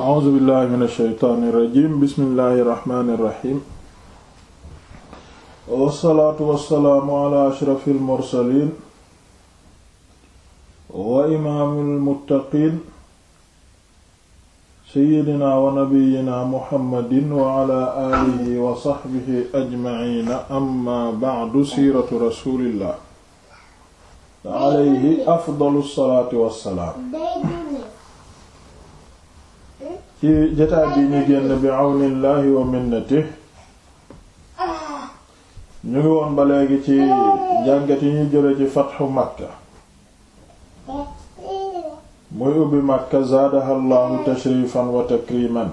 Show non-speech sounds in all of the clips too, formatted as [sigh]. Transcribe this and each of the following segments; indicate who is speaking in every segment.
Speaker 1: a'uuzu billahi min ash-shaytaani rajiim bismillahi rahmaani rahiim wassalaatu wassalaamu ala ashrafil mursaliin wa imaamil muttaqiin seyyidina wa nabiyyina muhammadin wa ala aalihi wa sahbihi ajmaciina amma ba'du siiratu rasuulillah alayhi afdalu salaatu
Speaker 2: wassalaam
Speaker 1: ci jotaay bi ñu génn bi àwnillaahi wa minnati ñu ngi woon ba léegi ci jàngat yi ñuy jële ci fatxu makka muy ubbi makka zaadaha allahu tashrifan wa takriman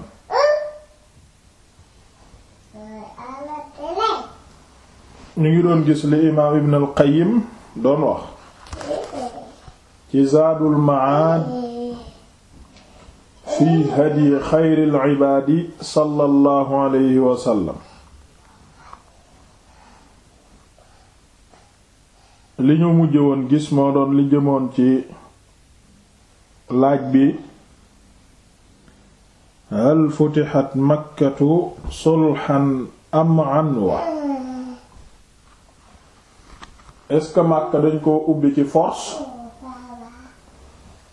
Speaker 1: ñu ngi doon gis li imaam ibn al qayyim doon wax ci zaadul maad fi hadyi xayril ibaadi sallallahu alayhi wa li ñu mujje woon gis moo doon li jëmoon ci laaj bi hal futixat makkatu sulxan am anwa est-ce Makka dañ ko ubbi ci force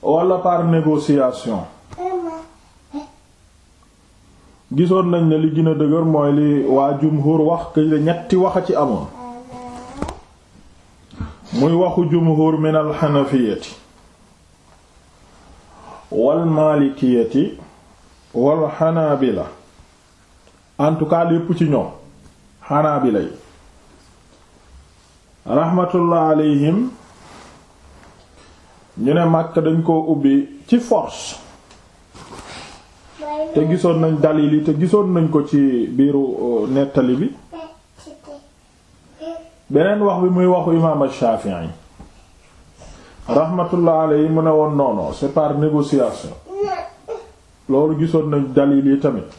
Speaker 1: wala par négociation gisoon nañ ne li gën dëgër mooy li waa jumhur wax que ñetti wax a ci amoon muy waxu jumhur min alxanafiyati walmalikiyati walxanaabila en tout cas lépp ci ñoom xanaabila yi rahmatullah ñu ne Makka dañ ko ubbi ci force te gisoon nañ dalil yi te gisoon nañ ko ci biiru uh, nettali bi beneen wax bi muy waxu imaam Shafi'i rahmatullah alayhi mu ne woon noonu non c'est par négociation loolu gisoon nañ dalil yi tamit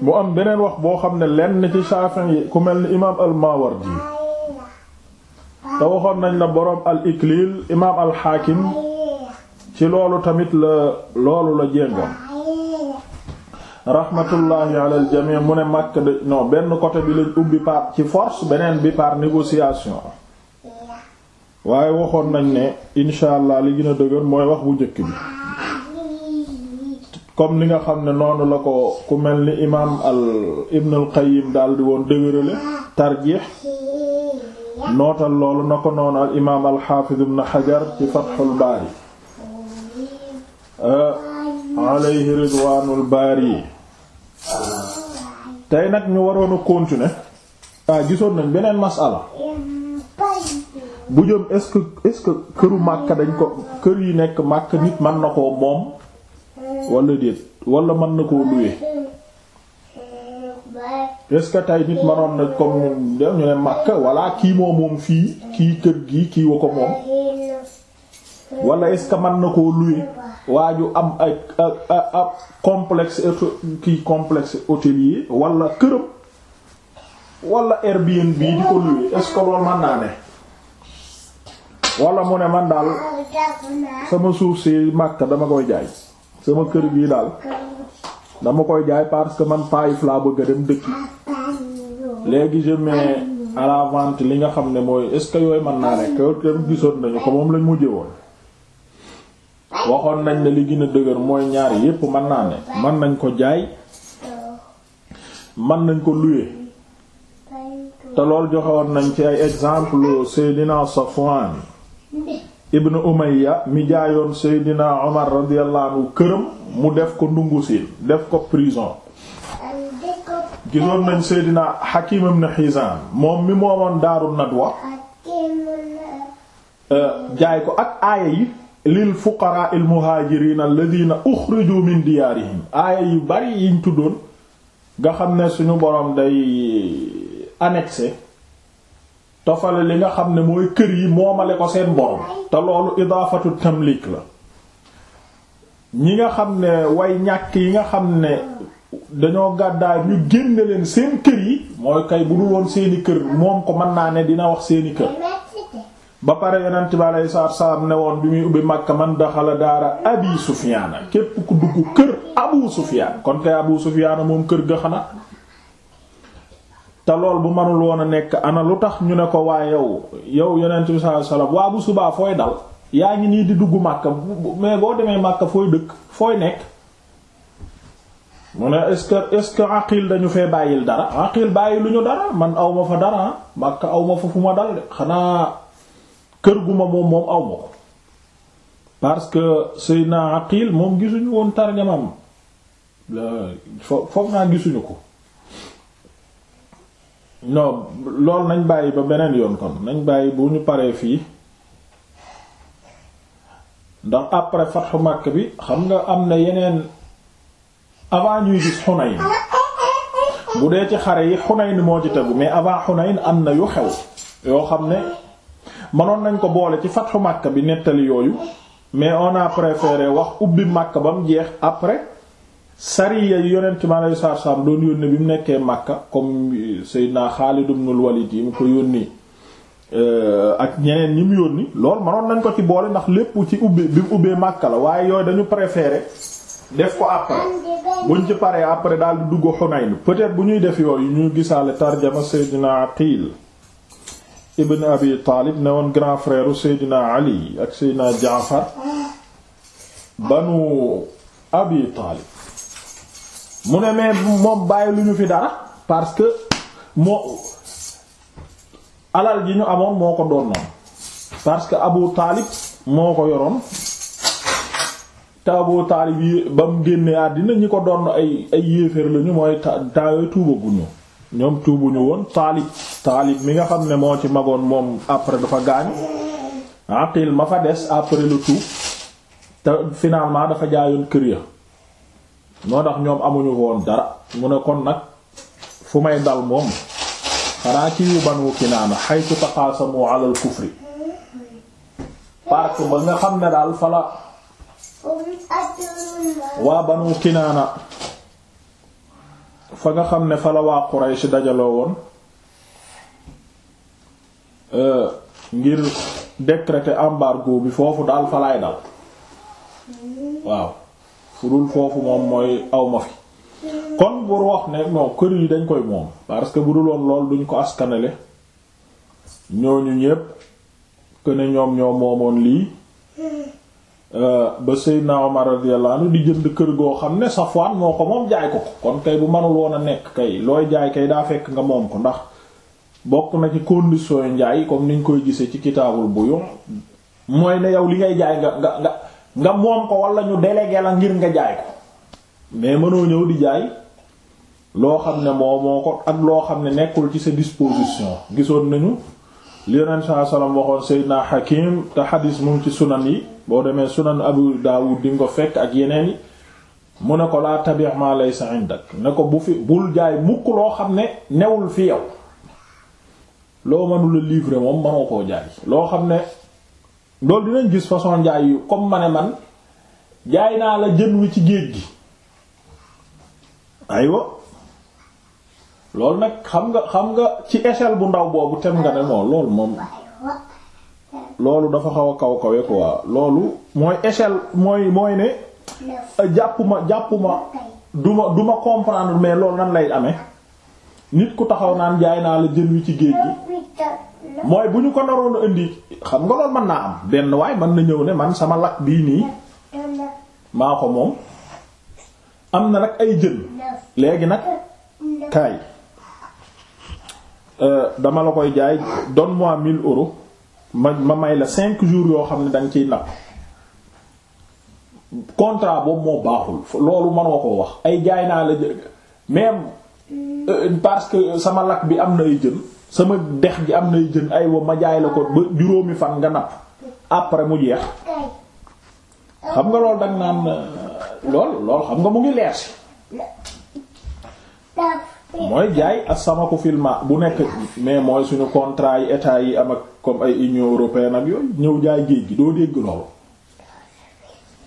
Speaker 1: mu am beneen wax boo xam ne lenn ci yi ku mel ni imaam al-Mawardi te waxoon nañ la boroom al-Iklil imaam al-Hakim ci loolu tamit la loolu la jéngoon rahmatullahi ala al jami' mu ne Makka de non benn côté bi lañ ubbi par ci force beneen bi par négociation waaye waxoon nañ ne incha allah li gën dëgër mooy wax bu njëkk bi comme li nga xam ne noonu la ko ku mel ni imaam al ibn al qayyim daal di woon dëgërale tarjiix nootal loolu na ko noonu al imaam al xaafiz ibn xajar ci fathul baari eh, alayhi ridwaanul baari tey nag ñu waroon a continuer waaw ah, gisoon nañ beneen masala bu jëm est-ce këru Makka dañ ko kër yi nekk màkk nit mën na ko moom wala déet wala mën na ko louer est-ce que tey nit manoon na comme ñu ne Makka wala kii moo moom fii kii kër gi kii ko moom wala est-ce mën na ko louer waaju am ay ab complexe kii complex hôtelier wala këram wala Airbnb di ko louer est-ce que naa ne walla mu ne man daal sama suuf si Makka dama koy jaay sama kër gii daal dama koy jaay parce que man Taïf laa bëgg a dem dëkki léegi je mets à la vente li nga xam ne mooy est-ce que yooyu mën naa ne kër gisoon nañu ko moom lañ mujjee woon waxoon nañ la li gën a dëgër mooy ñaar yépp mën naa ne mën nañ ko jaay man nañ ko luwe te lool joxewoon nañ ci ay exemple Seydina Safwan ibn Umayya mi jaayoon Seydina Omar radiyallahu këram mu def ko ndungu siin def ko prison gisoon nañ Seydina Hakim ibn Hizam moom mi moomoon Daaru Nadwa euh, jaay ko ak aaya yi lil fuqaraa il muhaajiriin alladina uxriju min diyaarihim aaya yu bari yiñ tuddoon nga xam ne suñu boroom day annexé tofale li nga xam ne mooy kër yi moomale ko seen boroom te loolu idaafatu tamlik la ñi nga xam ne way ñàkk yi nga xam ne dañoo gàddaay ñu génne leen seen kër yi mooy kay bu dul woon seeni kër moom ko mën naa ne dina wax seeni kër ba pare yonent bi aleyhi salaatu salaam ne woon bi muy ubbi Makka man daxala daara abi Sufyaana képp ku dugg kër Abu Sufyaan kon kay Abu Sufyaana moom kër ga na te lool bu manul woon a nekk ana lu tax ñu ne ko waa yow yow yonent bi sallallahu alayhi waa bu subaa fooy dal yaa ngi nii di dugg Makka mais boo demee Makka fooy dëkk fooy nekk mu ne est-ce que est-ce que aqil dañu fee bàyyil dara aqil bàyyi lu ñu dara man awma fa dara Makka awma fa fu ma dal de xanaa kër ma moom moom aw ma ko parce que Seydina Aqil moom gisuñu woon tarjamam foog naa gisuñu ko non loolu nañ bàyyi ba beneen yoon kon nañ bàyyi bu ñu paree fii ndax après fatxu Makka bi xam nga am na yeneen avant ñuy gis Xunayn bu dee ci xare yi Xunayn moo ci tegu mais avant Xunayn am na yu xew yoo xam ne mënoon nañ ko boole ci fatxu Makka bi nettali yooyu mais on a préféré wax ubbi Makka ba mu jeex après sariya yi yonent mi alayhi salaatu salaam doon yónnee bi mu nekkee Makka comme euh, Seydina Xaalid ibnul Walid yi mu ko yónnee euh, ak ñeneen ñi mu yónni lool mënoon nañ ko ci boole ndax lépp ci ubbi bi mu ubbee Makka la waaye yooyu dañu préféré def ko après buñ ci paree après dal di dugg Hunayn peut-être bu ñuy def yooyu ñu gisaale tarjama naa Aqil ibn abi taalib ne woon grand frère seydina ali ak seydina jaafar banu abi taalib mu ne mais moom bàyyi lu ñu fi dara parce que moo alal ji ñu amoon moo ko doon parce que abu taalib moo ko yoroon te abu taalib yi ba mu génnee àddina ñi ko doon ay ay yéeféer lañu mooy ta- taawee tuuba guñu ñoom tuubuñu woon taalib Taalib mi nga xam ne moo ci magoon moom après dafa gaañ Aqil ma fa des après le tout te finalement dafa jaayoon kër ya moo tax ñoom amuñu woon dara mu ne kon nag fu may dal moom xanaa ci yu Banu Kinaana haytu taqaasamu ala kufri parce ba nga xam ne daal fala waa Banu Kinaana fa nga xam ne fala waa Quraysh dajaloo woon Euh, ngir décréter embargo bi foofu daal falaay dal waaw furul foofu moom mooy awma fi kon bur wax ne kër yi dañ koy moom parce que bu lool duñ ko askanale ñooñu ñépp que ne ñoom ñoo moomoon lii euh, ba Seydina Omar radiyallahu anhu di jënd kër goo xam ne Safwan moo ko moom jaay ko kon kay bu manul woon a nekk kay looy jaay kay daa fekk nga moom ko ndax bokk na ci condition yu njaay comme niñ koy gisee ci kitaabul buyu mooy ne yow li ngay jaay nga nga nga moom ko wala ñu délégué la ngir nga jaay ko mais mënoo ñëw di jaay loo xam ne moo ko ak loo xam ne nekkul ci sa disposition gisoon nañu li yonent saa salaam waxoon Seydina Hakim te xadis mu ci sunan yi boo demee sunan Abu Dawud di ko fekk ak yeneen yi mu ne ko laa tabi' ma laysa indak ne ko bu fi bul jaay mukk loo xam ne newul fi yow loo mënula livrer moom mënoo koo jaay loo xam ne loolu dinañ gis façon njaay yu comme ma ne man jaay naa la jën wi ci géej gi aywa loolu nag xam nga xam nga ci échelle bu ndaw boobu tem nga ne moom loolu moom loolu dafa xaw a kaw kawe quoi loolu mooy échelle mooy mooy ne jàppuma jàppuma duma duma comprendre mais loolu nan lay amee nit ku taxaw naan jaay naa la jën wi ci géej
Speaker 2: gi mooy
Speaker 1: bu ñu ko naroon a indi xam nga loolu man naa am benn waaye man na ñëw ne man sama lakk bii nii maa ko moom am na nag ay jën léegi nag kaay euh, dama la koy jaay donne mois 1000 euro ma ma may la cinq jours yoo xam ne danga ciy napp contrat boobu moo baaxul loolu mënoo koo wax ay jaay naa la même euh, parce que sama lakk bi am na ay jën sama dex gi am nay jën aywa ma jaay la ko ba juróomi fan nga napp après mu jeex xam nga loolu danga naan euh, lool lool xam nga mu ngi leer si mooy jaay asamaku filma bu nekk mais mooy suñu contrat yi état yi am ak comme ay union européenne ak yooyu ñëw jaay géej gi doo dégg loolu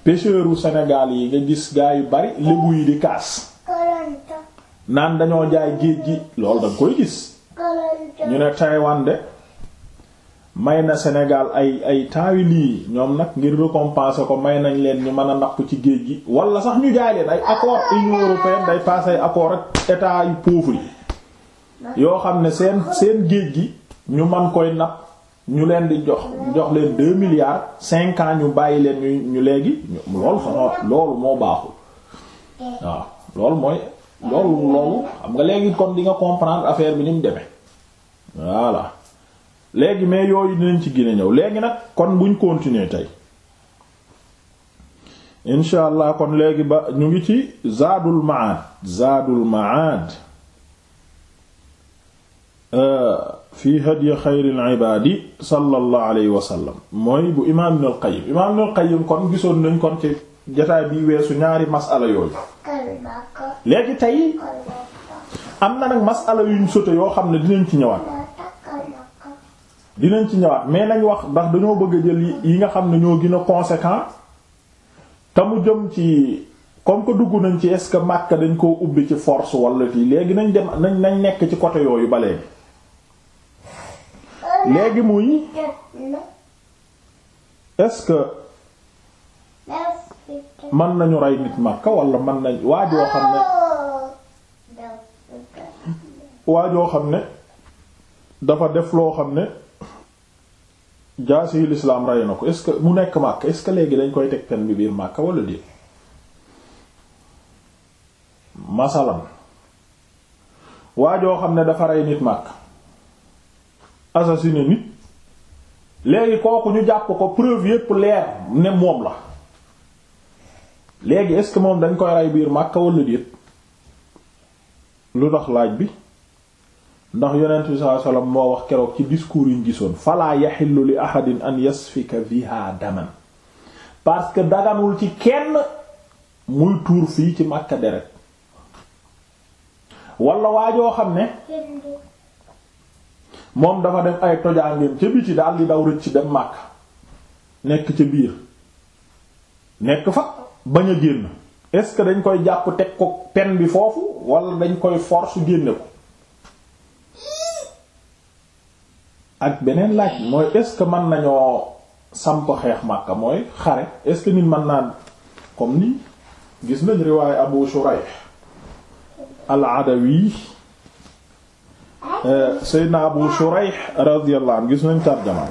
Speaker 1: pêcheur u yi nga gis gaa yu bari lébu yi di kaas naan dañoo jaay géej gi lool danga koy gis ñu ne Taïwan de may na senegal ay ay taawi lii ñoom nag ngir récompenser ko may nañ leen ñu mën a napp ci géej gi walla sax ñu jaay leen ay accord Union européenne day paase ay accord ak état yu pauvre yi yoo xam ne seen seen géej gi ñu man koy napp ñu leen di jox jox leen deux milliards cinq ans ñu bàyyi leen ñu ñu léegi loolu loolu moo baaxul waaw loolu mooy
Speaker 2: loolu loolu
Speaker 1: xam nga léegi kon di nga comprendre affaire bi ni mu demee voilà léegi mais yooyu dinañ ci gën a ñëw léegi nag kon buñ continuer tey incha allah kon léegi ba ñu ngi ci zaadul maad zaadul maad euh, fi hadyi xayril ibaadi sallallahu alayhi wa sallam mooy bu imaam ibn al qayyim imaam ibn al qayyim kon gisoon nañ kon ci jotaay bii weesu ñaari masala yooyu léegi tey am na nag masala yuñ soto yoo xam ne dinañ ci ñëwaat dinañ ci ñëwaat mais nañ wax ndax dañoo bëgg a jël yi nga xam ne ñoo gën a conséquent te jëm ci comme que dugg nañ ci est ce que Makka dañ koo ubbi ci force wala ti léegi nañ dem nañ nañ nekk ci côté yooyu ba léegi
Speaker 2: léegi muy est que mën
Speaker 1: nañu rey nit Makka wala mën nañ waajoo xam ne waajoo xam ne dafa def loo xam ne jaasi yu lislaam rey na ko est-ce que mu nekk Makka est léegi dañ koy teg pen bi biir Makka wala déet masalan waajoo xam ne dafa rey nit Makka assassiné nit léegi kooku ñu jàpp ko preuve yépp leer ne moom la léegi est-ce que moom dañ koy rey biir Makka walla déet lu tax laaj bi ndax yonent bi sallallahu moo wax keroog ci discours yi ñu gisoon falaa yaxillu li ahadin an yasfika biha daman parce que daganul ci kenn muy tuur fii ci Makka deret wala joo xam ne moom dafa def ay tojaangeem ca biti daal di daw rëcc dem Makka nekk ca biir nekk fa bañ a génn est-ce que dañ koy jàpp teg ko pen bi foofu wala dañ koy force génne ko ak beneen laaj mooy est man que mën nañoo samp xeex Makka mooy xare est-ce que nit mën naa comme ni gis nañ riwaay Abu Shurayh al-Adawi euh, Seydina Abu Shurayh radiyallahu anhu gis nañ tarjama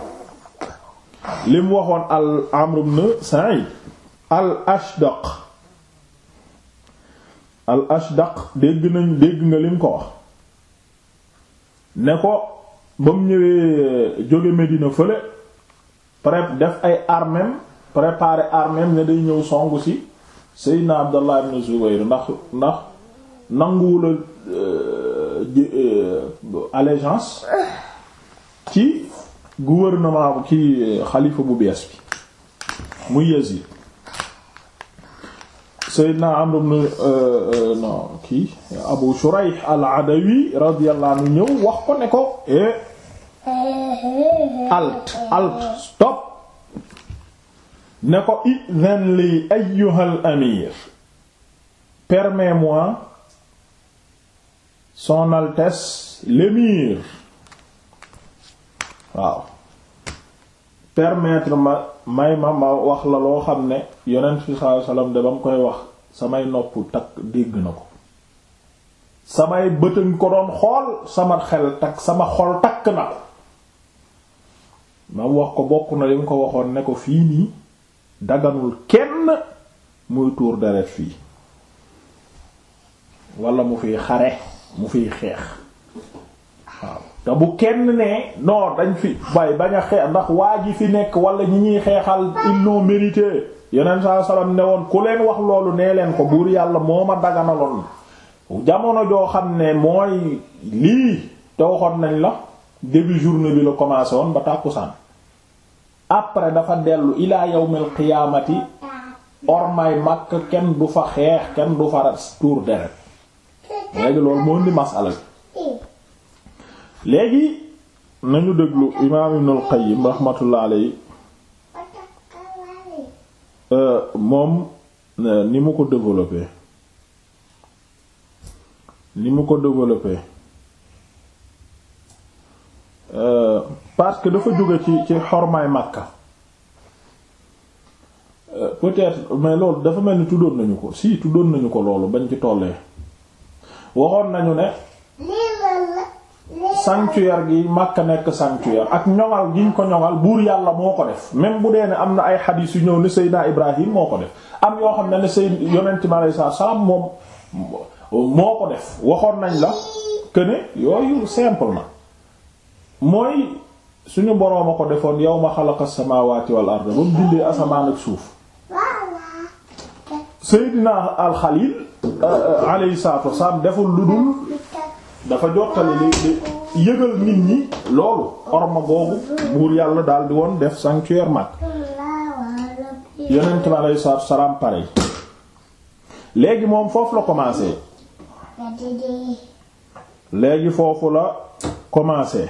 Speaker 1: li mu waxoon al Amr ibn al ashdaq al ashdaq dégg nañ dégg nga lim ko wax ne ko ba mu ñëwee euh, jóge Medina fële prep def ay armem préparer armem ne day ñëw songu ci Seydina Abdallah ibn Zubayr ndax ndax nanguwula euh, euh, allégeance ci gouvernement bu ci xalifa bu bees bi muy Yazid Seydina Amr ibn euh, euh, non kii Abu Shurayh al-Adawi radiyallahu anhu ñëw wax ko ne ko eh.
Speaker 2: alt alt
Speaker 1: stop ne ko izan li ayyuhal amir permets-moi son altesse l'émir waaw permettre ma may ma ma wax la loo xam ne yonent bi sallallahu alayhi de ba mu koy wax samay nopp takk dégg na ko samay bëtëñ ko doon xool sama xel takk sama xol takk na ko ma wax ko bokk na li mu ko waxoon ne ko fii nii daganul kenn muy tuur deret fii walla mu fiy xare mu fiy xeex waaw te bu kenn ne noor dañ fi bay bañ a xeex ndax waa ji fi nekk wala ñi ñuy xeexal ils l'ont mérité yeneen saa salaam ne woon ku leen wax loolu nee leen ko buur yàlla moo ma daganaloon jamono joo xam ne mooy lii te waxoon nañ la début journée bi la commencé woon ba tàkkusaan après dafa dellu ilaa yawmil qiyaamati ormay makk kenn du fa xeex kenn du fa tuur deret
Speaker 2: léegi loolu moo indi
Speaker 1: masala bi léegi nañu déglu imaam Ibn al-Qayyim rahmatullah euh, moom euh, ni mu ko développé ni mu ko développé euh, parce que dafa jóge ci ci xormaay Makka peut-être mais loolu dafa mel ni tuddoon nañu ko si tuddoon nañu ko loolu bañ ci tollee waxoon nañu ne sanctuaire gi Makka nekk sanctuaire ak ñoŋal gi ñu ko ñoŋal buur yàlla moo ko def même bu dee ne am na ay xadiis yu ñëw ne Seydina Ibrahim moo ko def am yoo xam ne ne Seyd yonent mi alayhi def waxoon nañ la que ne mooy suñu boroom a ko defoon yawma xalaqa samaawaati wal arda ba mu bindee asamaan ak suuf Seydina Al Xaliil euh, euh, alayhi salaatu deful lu dul dafa jottali li yëgal nit ñi loolu orma googu buur yàlla daal di woon def sanctuaire mag yonent bi aleyhi salaatu léegi moom foofu la commencé léegi foofu la commencé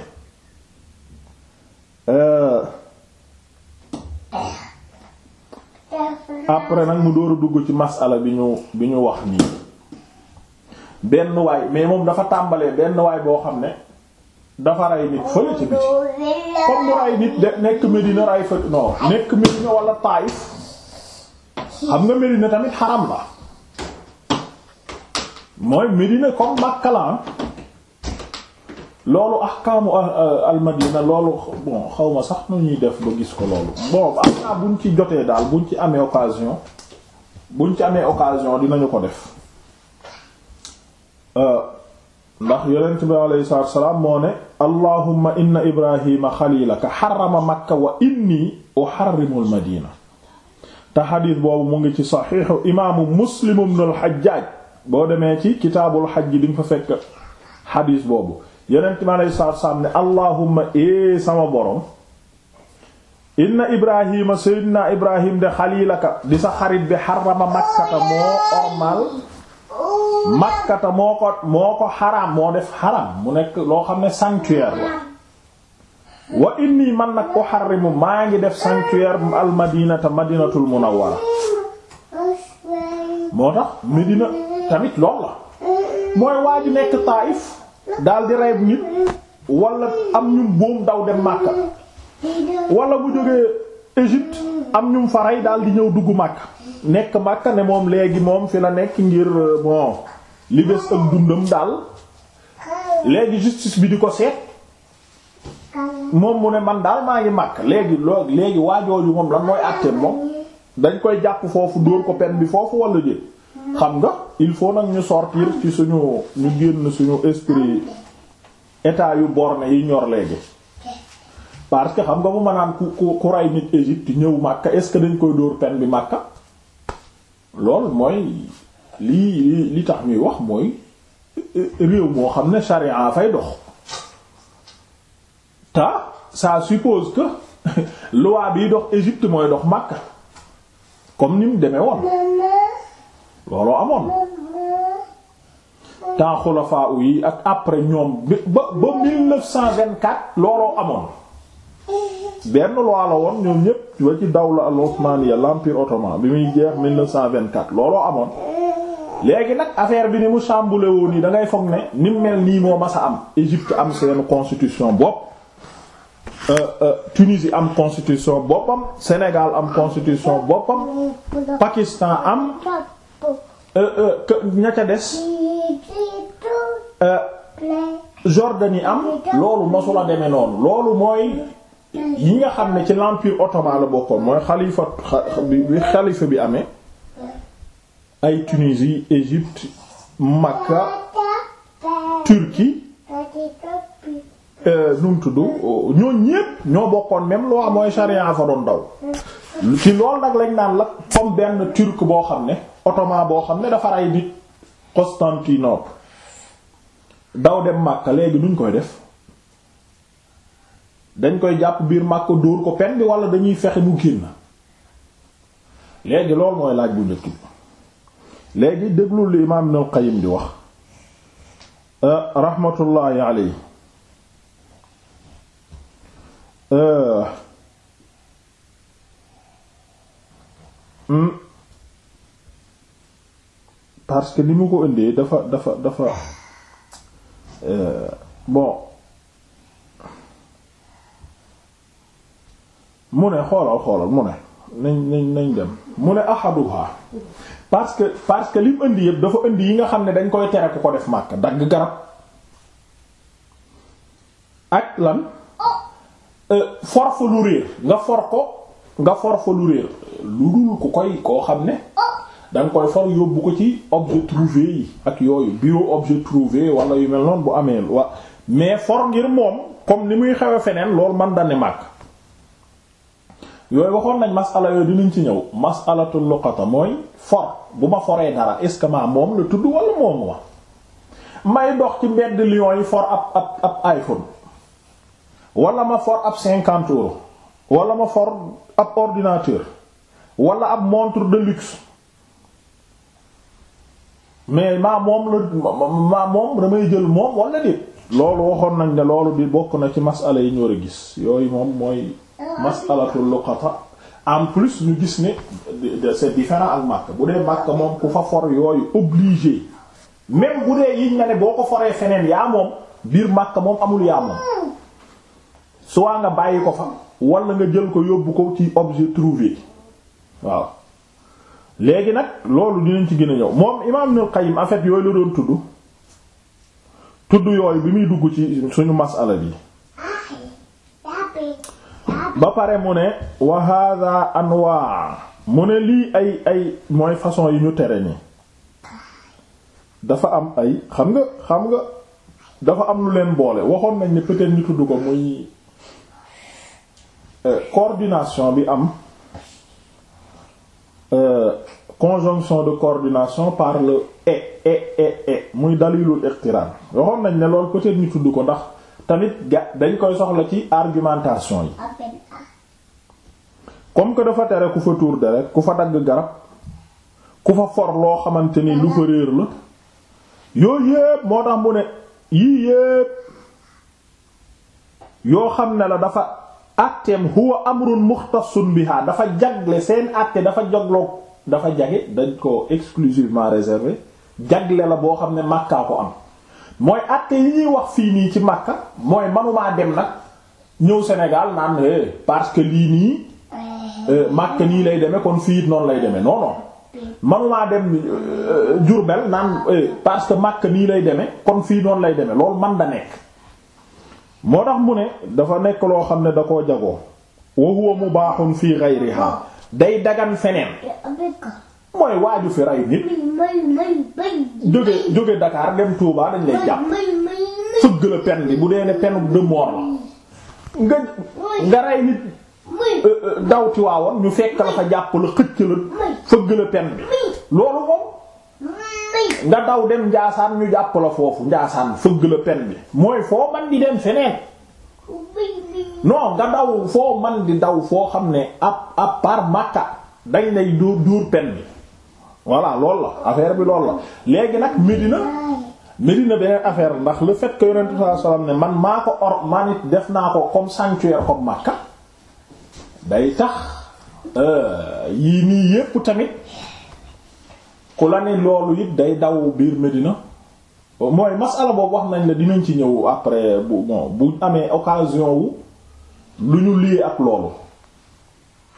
Speaker 1: euh, après nag mu door a dugg ci masala bi ñu bi ñu wax nii benn waay mais moom dafa tàmbalee benn waay boo xam ne dafa rey nit fële ci biti comme mu rey nit de nekk Medina rey fa non nekk Medina wala Taif xam nga Medina tamit xaram la mooy Medina comme Makka ah. loolu ahkaamu ah, ah, al Madina loolu bon xaw ma sax nu ñuy def ba gis ko loolu. bon am naa buñ ci jotee daal buñ ci amee occasion buñ ci amee occasion dinañu ko def. Euh, ndax yonent bi salaam moo ne allahumma inna ibrahima xalilaka xarama makka wa inni uxarrimul madina te xadiis boobu mu ngi ci saxiixu imaamu muslim ibnul xajjaaj boo demee ci kitaabul xaj di nga fa fekk xadiis boobu yonent mi alayhi salaatu salaam ne allahumma eh, sama borom inna ibrahima seydina ibrahim de xalilaka di sa xarit bi xarama makkata moo ormal makkata moo ko moo ko xaraam moo def xaraam mu nekk loo xam ne sanctuaire la wa inni man nag uharrimu maa ngi def sanctuaire al madinata madinatul munawwara moo tax medina tamit lool la mooy waa nekk Taayif daal di rey nit wala am ñum boom daw dem Makka wala bu jógee Égypte am ñum faray daal di ñëw dugg Makka nekk Makka ne moom léegi moom fi la nekk ngir euh, bon li des ak dundam daal léegi justice bi di ko seet moom mu ne man daal maa ngi Makka léegi loo léegi waajooju moom lan mooy àtteem moom dañ koy jàpp foofu dóor ko peine bi foofu wala jël xam nga il faut nag ñu sortir ci suñu ñu génn suñu esprit état yu borné yi ñor léegi parce que xam nga mu manaan ku ku ray nit Égypte ñëw Makka est-ce que dañ koy dóor peine bi Makka loolu mooy lii li tax ñuy wax mooy euh, réew moo xam ne charia fay dox ta ça suppose que [laughs] loi biy dox Égypte mooy dox Makka comme ni mu demee woon looloo amoon temps xulafaa yi ak après ñoom ba ba 1924 looloo amoon. benn loi la woon ñoom ñépp ba ci dawla al Othmaniya l'empire ottoman bi muy jeex 1924 looloo amoon léegi nag affaire bi ni mu chamboulé woon yi da ngay ni mu mel nii moo mas a am Égypte am seen constitution bopp euh, euh, Tunisie am constitution boppam Sénégal am constitution boppam Pakistan am euh, ña ca des Jordanie am loolu masula deme noonu loolu mooy yi nga xam ne ci l'empire ottoman la bokkoon mooy xalifa bi xalifa bi amee ay Tunisie Égypte Makka Turquie euh, nu mu tudd ñoo ñoo bokkoon même loi mooy charia fa doon daw ci loolu nag lañ naan la comme benn turc boo xam ne ottoman boo xam ne dafa rey nit Constantinople daw dem Makka léegi nuñ koy def dañ koy jàpp biir Makka dóor ko pen bi wala dañuy fexe mu génn léegi loolu mooy laaj bu njëkk léegi déglu li imaam Ibnul Qayyim di wax euh, rahmatullahi alayhi euh, hmm. parce que ni mu ko indee dafa dafa dafa euh, bon mu ne xoolal xoolal mu ne nañ nañ nañ dem mu ne ahaduha parce que parce que lim indi yëpp dafa indi yi nga xam ne dañ koy tere ku ko def màkk dagg garab ak lan euh, for fa lu réer nga for ko nga for fa lu réer lu dul ku koy koo xam ne danga nga koy for yóbbu ko ci objet trouvé yi ak yooyu bureau objet trouvé wala yu mel noonu bu amee mais for ngir moom comme ni muy xewe feneen loolu man dane màkk yooyu waxoon nañ masala yooyu dinañ ci ñëw masalatu luqata mooy for bu ma foree dara est ce que moom la tudd walla moomu ma may dox ci mbedd Lyon yi for ab ab ab iPhone wala ma for ab cinquante euros wala ma for ab ordinateur wala ab montre de luxe mais maa moom la maa moom damay jël moom wala déet loolu waxoon nañ ne loolu bi bokk na ci masala yi ñor a gis yooyu moom mooy mas'alatu luqata en plus ñu gis ne c'est différent ak Makka bu dee Makka moom ku fa for yooyu obligé même bu dee yiñ nga ne boo ko foree feneen yaa moom biir Makka moom amul yaa moom soit nga bàyyi ko fa wala nga jël ko yóbbu ko ci objet trouvé waaw léegi nag loolu dinañ ci gën a ñëw moom imaam Ibnul Qayyim en yooyu la doon tudd tudd yooyu bi muy dugg ci suñu masala bi ba pare mu ne wa hadha anwa mu ne lii ay ay mooy façon yi ñu tere ni dafa am ay xam nga xam nga dafa am lu leen boole waxoon nañ ne peut-être ñu tudd ko muy euh, coordination bi am euh, conjonction de coordination par le et et et et muy dalilul iqtiran waxoon nañ ne loolu peut-être ñu tudd ko ndax tamit ga dañ koy soxla ci argumentation yi comme que dafa tere ku fa tuur deret ku fa dagg garab ku fa for loo xamante ni lu fa réer la yooyu yépp moo tax mu ne yii yépp yoo xam ne la dafa àtteem huwa amrun muxtassun biha dafa jagle seen àtte dafa jogloog dafa jage dañ ko exclusivement réservé jagle la boo xam ne màkkaa ko am mooy àtte yi ñuy wax fii nii ci màkka mooy manumaa dem nag ñëw Sénégal naan eh, parce que lii nii Euh, Makka nii lay demee kon fii noonu lay demee non man manumaa dem euh, Jurbel naan eh, parce que Makka nii lay deme kon fii noonu lay demee loolu man da nekk. moo tax mu ne dafa nekk loo xam ne da koo jagoo wa huwa mubahun fi dagan feneen
Speaker 2: eh, ah,
Speaker 1: mooy waaju fi rey nit jóge jóge Dakar dem Touba dañ lay jàpp fëgg la pen bi bu dee ne penu de mort la nga nga rey nit Euh, euh, daw ci Tiwaawoon ñu fekk la fa jàpp la xëcc la fëgg la pen bi loolu moom nga daw dem Njaasaan ñu jàpp la foofu Njaasaan fëgg la pen bi mooy foo man di dem feneen non nga daw foo man di daw foo xam ne ab à Makka dañ lay dóor dóor pen bi voilà loolu la affaire bi lool la léegi nag Medina Medina beneen affaire ndax le fait que yonent sallallahu alayhi ne man maa ko or man it def naa ko comme sanctuaire comme Makka day tax euh, yi nii yépp tamit ku la ne loolu it day daw biir Medina mooy masala boobu wax nañ la dinañ ci ñëw après bu bon bu amee occasion wu lu ñu lii ak loolu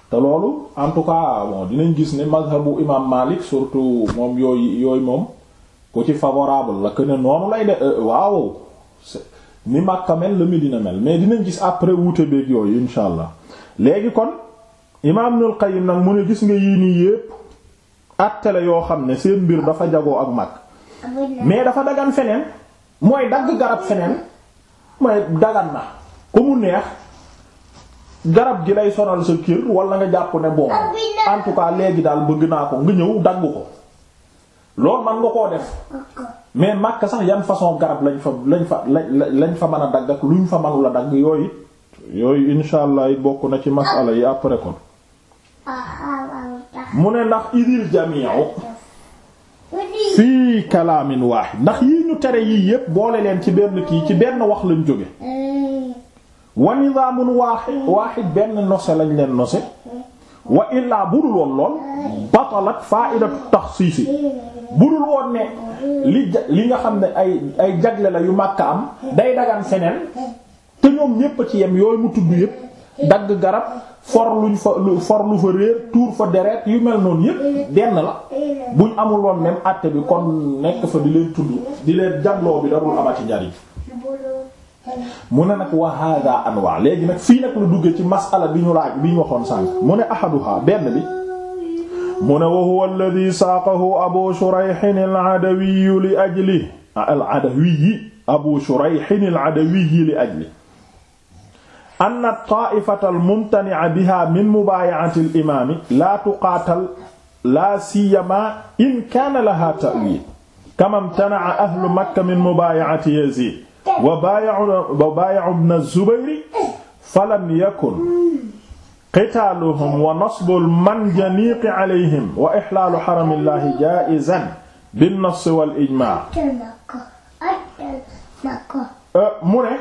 Speaker 1: te loolu en tout cas bon dinañ gis ne mazhabu imam Malik surtout moom yooyu yooy moom ku ci favorable la que ne noonu lay de euh, waaw ni Makka mel la Medina mel mais dinañ gis après wuute beeg yooyu insha léegi kon imaam Ibnul Qayyim nag mu ne gis nga yii nii yépp tele yoo xam ne seen mbir dafa jagoo ak mag mais dafa dagan feneen mooy dagg garab feneen mooy dagan na ku mu neex garab gi lay sonal sa kër wala nga jàpp ne bon en tout cas léegi daal bëgg naa ko nga ñëw dagg ko loolu man nga koo def mais màkk sax yan façon garab lañ fa lañ fa lañ fa mën a dagg ak luñ fa mënula dagg yooyu yooyu insha allah it bokk na ci masala yi après kon mu ne ndax idil jami'u fii kalaamin waaxid ndax yii ñu tere yii yépp boole leen ci benn kii ci benn wax lañ jóge wa nizaamun waaxid benn nose lañ leen nose wa illaa budul woon lool batalat faa'idatu taxsiisi budul woon ne li ja li nga xam ne ay ay jagle la yu màkk am day dagan feneen te ñoom ñépp a ci yem yooyu mu tudd yépp dagg garab for luñ fa lu fa réer tuur fa deret yu mel noonu yépp benn la buñ amul woon même àtte bi kon nekk fa di leen tudd di leen jagloo bi darul amati njariñ mu ne nag wa hada anwa léegi nag fii nag lu duggee ci masala bi ñu laaj bi ñu waxoon sànq mu ne ahaduha benn bi mu ne wa huwa alladhi saaqahu abu shurayh al-adawi li ajli al-adawi abu shurayh al-adawi li ajli anna taa'ifata al-mumtani'a biha min mubaayi'ati al-imaami laa tuqaatal laa siyamaa in kaana lahaa ta'wiil kamaa imtana'a ahlu makka min mubaayi'ati yaziid wa baaya'u ibna zubayri falam yakun qitaaluhum wa nasbu al-manjaniiqi alayhim wa ihlaalu haramillaahi jaa'izan bin-nassi wal-ijmaa' euh, mu ne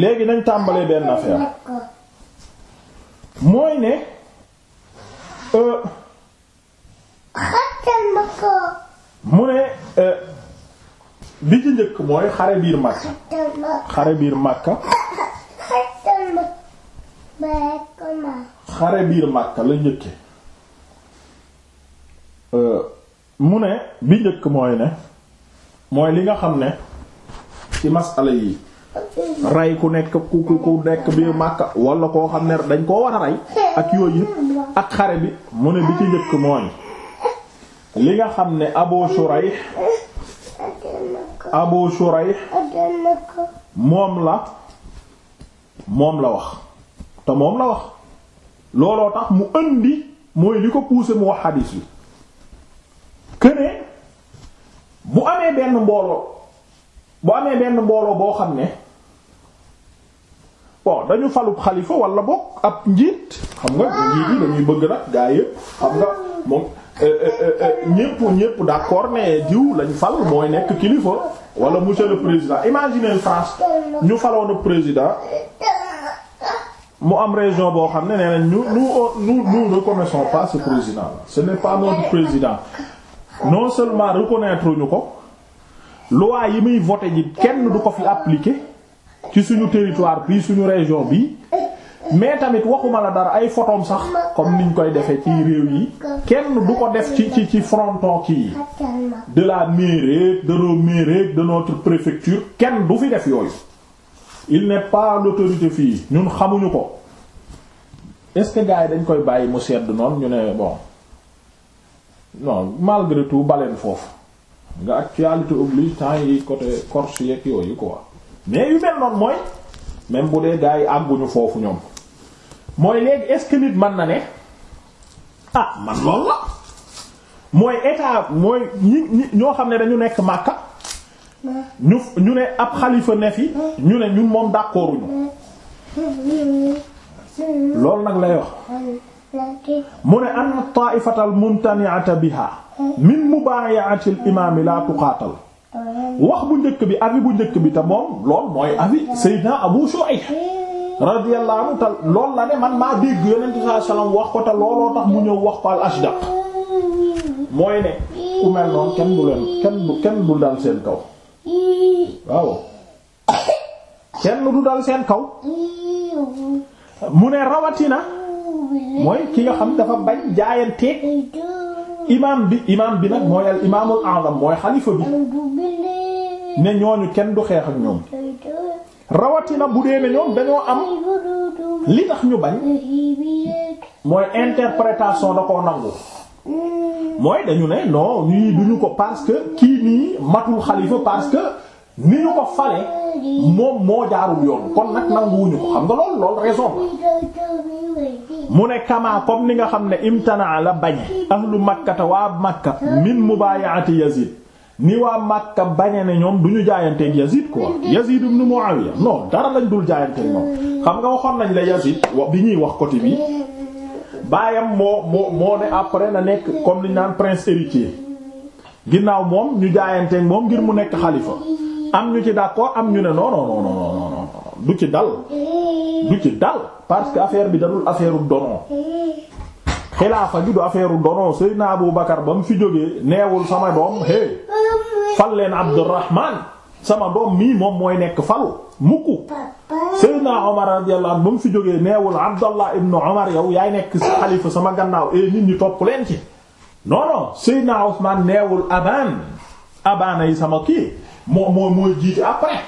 Speaker 1: léegi nañ tàmbalee benn affaire mooy ne euh, mu ne euh, bi ci njëkk mooy xare biir Makka xare biir Makka xare biir Makka la njëkke euh, mu ne bi njëkk mooy ne mooy li nga xam ne ci masala yii rey ku nekk ku ku ku nekk biir Makka walla koo xam ne dañ koo war a rey ak yooyu yëpp ak xare bi mu ne bi ci njëkk mooy li nga xam ne Abu Shurayh Abu Shurayh moom la moom la wax te moom la wax looloo tax mu indi mooy li ko puuse mu wax xadiis bi kënee bu amee benn mbooloo bu amee benn mbooloo boo xam ne bon dañu falub xalifa wala bokk ab njiit xam nga njiit dañuy bëgg nag gaa yëpp xam nga moom eh, eh, eh, ñépp ñépp d'accord ne diw lañ fal mooy nekk kilifa wala monsieur le président imaginez France ñu faloon président mu am région boo xam ne nee nañ ñu nous nous reconnaissons pas ce président là ce n'est pas notre président non seulement reconnaître ñu ko loi yi muy voté ji kenn du ko fi appliquer ci suñu territoire bi suñu région bi mais tamit waxuma la dara ay photom sax comme niñ koy defee ci réew yi
Speaker 2: kenn du ko def ci ci
Speaker 1: ci fronton kii de la mairie de nos mairies de notre préfecture kenn du fi def yooyu il n'est pas l'autorité fii ñun xamuñu ko est-ce que gars yi dañ koy bàyyi mu sedd noonu ñu ne bon non malgré tout baleen foofu nga actualité oblige temps yi côté Corse yeeg yooyu quoi mais yu mel noonu mooy même bu dee gars yi àgguñu foofu ñoom mooy léegi est-ce que nit mën na ne ah man loolu la mooy état mooy ñi ñoo xam ne dañu nekk màkka ñu ñu ne ab xalifa ne fi ñu ne ñun moom d'accorduñu
Speaker 2: hmm. Hmm. Hmm. loolu nag lay wax mu
Speaker 1: ne anna taa'ifata al-mumtani'ata biha min mubaayaati al-imaam laa tuqaatal wax bu njëkk bi avis bu njëkk bi te moom lool mooy avis Seydina Abu Shu'ayb radiyallahu anhu lool la ne man maa dégg Yonent sallallahu alayhi wasallam wax ko te looloo tax mu ñëw wax ko al-Ashdaq mooy ne ku mel noonu kenn du leen kenn du dal seen kaw waaw kenn du dal seen kaw mu ne rawatina.
Speaker 2: mooy ki nga xam
Speaker 1: dafa bañ jaayanteeg imaam bi imaam bi nag mooy al imaamul a'zam mooy xalifa bi ne ñooñu kenn du xeex ak ñoom rawatina bu dee ne ñoom dañoo am li tax ñu bañ mooy interprétation da koo nangu mooy dañu ne non ñii duñu ko parce kii nii matul xalifa parce ni ñu ko fale moom moo jaarul yoon kon nag nanguwuñu ko xam nga lool lool raison la mu ne kamaa comme ni nga xam ne imtana la bañe ahlu makkata waa makka min mubayaati yazid ni waa makka bañe ne ñoom du ñu jaayanteeg yazid quoi yazid ibn muawiya non dara lañ dul jaayanteeg moom xam nga waxoon nañ la yazid bi ñuy wax côté bi baayam moo moo moo ne après na nekk comme li ñu naan prince héritier ginnaaw moom ñu jaayanteeg moom ngir mu nekk xalifa am ñu ci d'accord am ñu ne non non du ci dal du ci dal parce que affaire bi dalul affaire u dono xilaafa gi du affaire u dono Seydina Abu Bakar ba mu fi jógee neewul sama doom sama doom mii moom mooy nekk falu mukk Seydina Omar ba mu fi jógee neewul Abdallah ibn Omar yow yaay nekk xalifa sama gannaaw e nit ñi yi sama kii moom moo mooy jiite après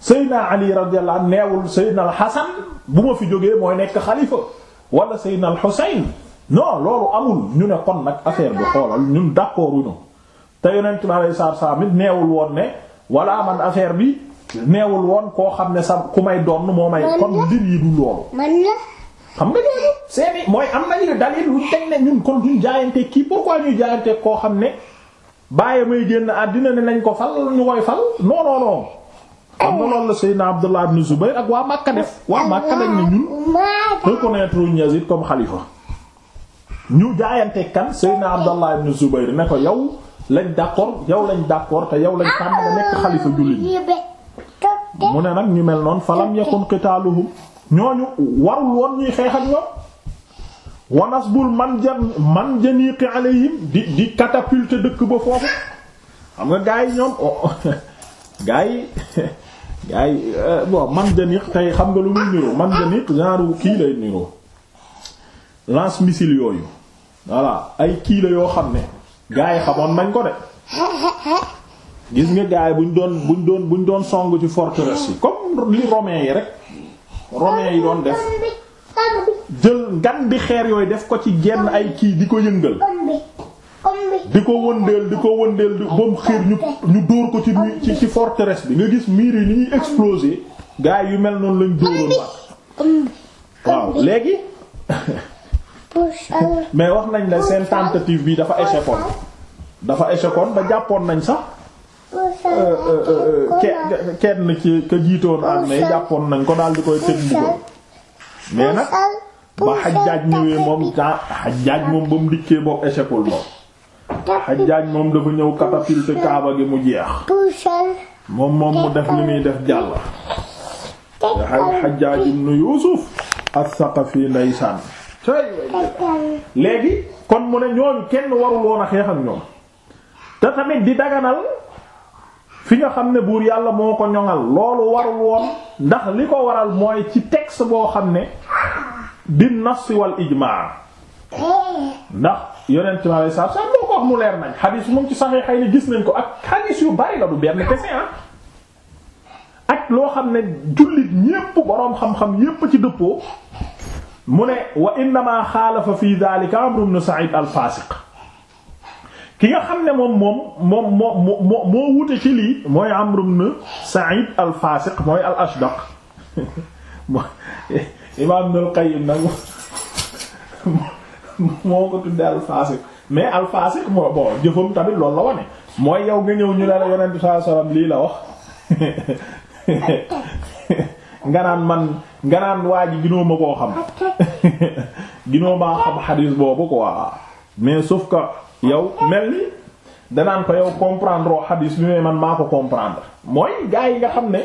Speaker 1: Seydina Ali radiyallahu anhu neewul Seydina al Hasan bu ma fi jógee mooy nekk xalifa wala Seydina al Husayn non loolu amul ñu ne kon nag affaire bi xoolal ñun d'accord ñu te yonent bi neewul woon ne wala man affaire bi neewul woon koo xam ne sa ku may doon moo may kon mbir yi du loolu xam nga loolu mooy am nañu dalil lu teg ne ñun kon duñ jaayante kii pourquoi ñuy jaayante koo xam ne bàyyi may génn àddina ne nañ ko fal ñu koy fal non non non am na loolu la Seydina Abdullah ibn Zubayr ak waa Makka def waa Makka dañ ne ñun reconnaître uñ Yazid comme xalifa ñu jaayante kan Seydina Abdullah ibn Zubayr ne ko yow lañ d'accord yow lañ d'accord te yow lañ tànn nga nekk xalifa jullit mu ne nag ñu mel noonu falam yakun qitaaluhum ñooñu warul woon ñuy xeex ak wa nasbul man jan man janiqi alayhim di di catapulter dëkk ba foofu xam nga gars yi ñoom oh, [laughs] gars yi [laughs] euh, man janiq tey xam nga lu muy niroo man janiq genre kii lay niroo lance missile yooyu voilà ay kii la yoo xam ne gars yi xamoon nañ ko de gis nga gars yi buñ doon buñ doon buñ doon song ci forteresse yi comme li romains yi rek romains yi doon def jël ngan bi xeer yooyu def ko ci genn ay kii di ko yëngal di ko wëndeel di ko wëndeel di bom xiir ñu ñu dóor ko ci ci ci forteresse bi nga gis miir yi ni ñuy exploser gars yu mel noonu lañu dóoroon ba waaw léegi [laughs] mais wax nañ la seen tentative bi dafa échec woon dafa échec woon ba jàppoon nañ sax euh, euh, euh, na ci ka jiitoon am na jàppoon nañ ko daal di koy tëj mbugal mais nag ba xajjaaj ñëwee moom ah xajjaaj moom ba mu dikkee boobu échecul moom xajjaaj moom dafa ñëw catapulte kaaba gi mu jeex moom moom mu def li muy def jàll xajjaaj ibnu yuusuf as-saqafi ndeysaan léegi kon mu ne ñooñu kenn warul a xeex ak ñoom te tamit di daganal fi nga xam ne buur yàlla moo ko ñoŋal loolu warul woon ndax li ko waral mooy ci texte boo xam ne di nas wal ijmaa ndax yonent mi alayhi salaatu salaam moo ko wax mu leer nañ xadiis moom ci saxiixay ni gis nañ ko ak xadiis yu bari la du benn kese ah. ak loo xam ne jullit ñépp boroom xam-xam yépp ci dëppoo mu ne wa innamaa xaalafa fi daalika Amru ibn Sa'iid al-Faasiq ki nga xam ne moom moom moom moo moo moo wute ci lii mooy Amr ibn Sa'id al-Fasiq mooy al-Ashdaq [laughs] imaam Ibn al-Qayyim nag moo ko tudde al mais al-Fasiq moo jëfam tamit loolu la wane mooy yow nga ñëw ñu ne la Yonent bi sallallahu alayhi lii la wax [laughs] nga naan man nga naan waa ji koo xam [laughs] ginoo xam xadiis boobu quoi mais sauf que. yow mel ni danaan ko yow comprendre oo xadiis bi mais man maa ko comprendre mooy gaa yi nga xam ne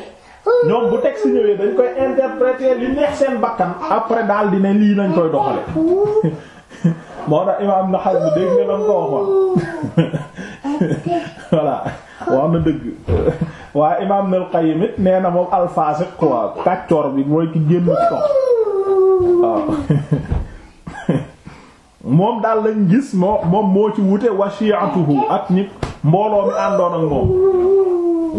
Speaker 1: ñoom bu teg texte ñëwee dañ koy interpréter li neex seen bakkan après daal di ne lii lañ koy doxale [laughs] moo tax imaam na xas bi wax na dëgg [laughs] waaye imaam Ibnul Qayyim it nee na moom alfaasiq quoi kàccoor bi mooy ki génn ci waaw [laughs] moom daal lañ gis moo moom moo ci wute wa shi'atuhu ak nit mbooloo mi àndoon ak moom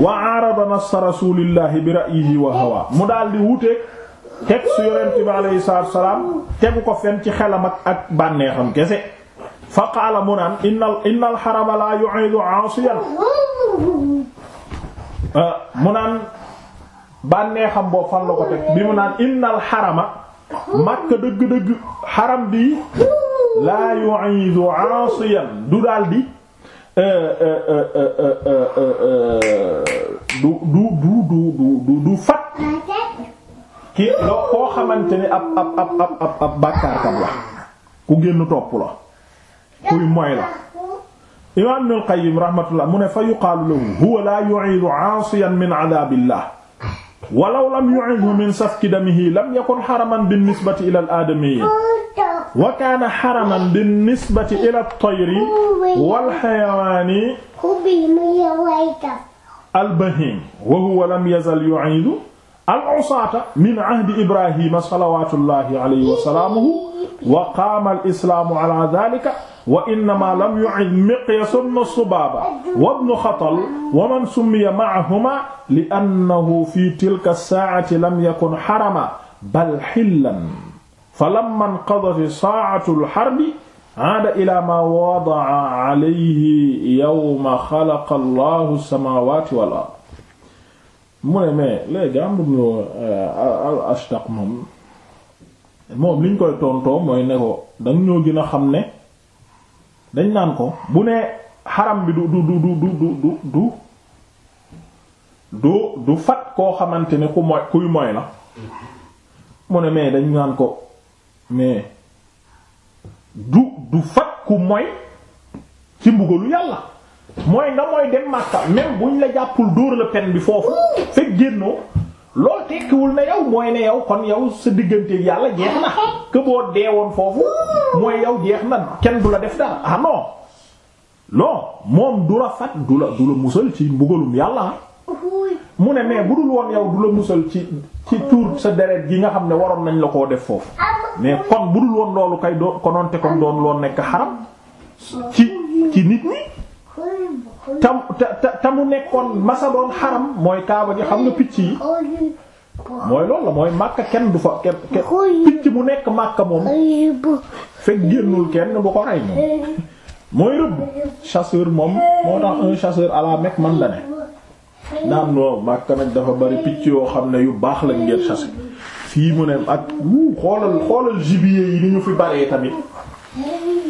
Speaker 1: wa arada nas rasulillahi bi ra'yihi wa hawa mu daal di wute teg su yonent bi alayhi salaam tegu ko fen ci xelam ak ak bànneexam kese fa qaala mu naan innal innal harama la yu'idu 'asiyan euh, mu naan bànneexam boobu fan ko teg bi mu naan innal harama Makka dëgg-dëgg haram bi laa yu'idu 'asiyan du daal di euh, euh, euh, du du du du du du fat ki loo koo xamante ni ab ab ab ab ab bàkkaarkat la ku génn topp la kuy moy la imaam Ibnul Qayyim rahmatullah mu ne fa yuqaalu lahu huwa laa yu'idu 'asiyan min 'adaabillah walaw lam yu'izhu min safki damihi lam yakun haraman bin nisbati ila al aadamiyyi wa kaana haraman bin nisbati ila at tayri wal hayawaani al bahiim wa huwa lam yazal yu'izhu al usaata min ahdi ibrahima salawatullahi alayhi wa salaamuhu wa qaama al islaamu ala daalika wa innama lam yu'id miqyas ibn subaaba wa ibn xatal wa man summiya ma'ahuma li annahu fi tilka as-saa'ati lam yakun haraman bal hillan falamma inqadat saa'atu al-harbi aada ila ma wada'a alayhi yawma xalaqa allahu as-samaawaati wal ard mu ne mais léegi Amr ibn euh, al-Ashtaq moom moom liñ koy tontoo mooy ne ko danga ñoo gën a xam ne dañ naan ko bu ne xaram bi du du du du du du du fat koo xamante ne ku moy kuy moy la mu ne mais dañ naan ko mais du du fat ku moy ci mbugalu yàlla mooy nga mooy dem Makka même buñ la jàppul dóor la pen bi foofu fekk génnoo loolu tekkiwul na yow mooy ne yow kon yow sa digganteeg yàlla jeex na que boo deewoon foofu mooy yow jeex na kenn du la def dara ah non moom du la fat du la du la musal ci mbugalum yàlla mu ne mais bu woon yow du musal ci ci tuur sa deret gi nga xam ne waroon nañ la koo def foofu mais kon bu dul woon loolu kay doon konoonte kon doon loon nekk xaram
Speaker 2: ci ci nit ñi.
Speaker 1: tam ta mu nekkoon masa doon xaram mooy kaaba gi xam na picc yi mooy loolu la mooy màkka kenn du fa kenn picc mu nekk màkka moom fekk génnul kenn du ko rey moom mooy rëbb chasseur moom moo tax un chasseur à la man la ne naan non màkka nag dafa bari picc yoo xam ne yu baax lañ ngeen chasser fii mu ne ak wuu xoolal xoolal gibier yi ni ñu fi baree tamit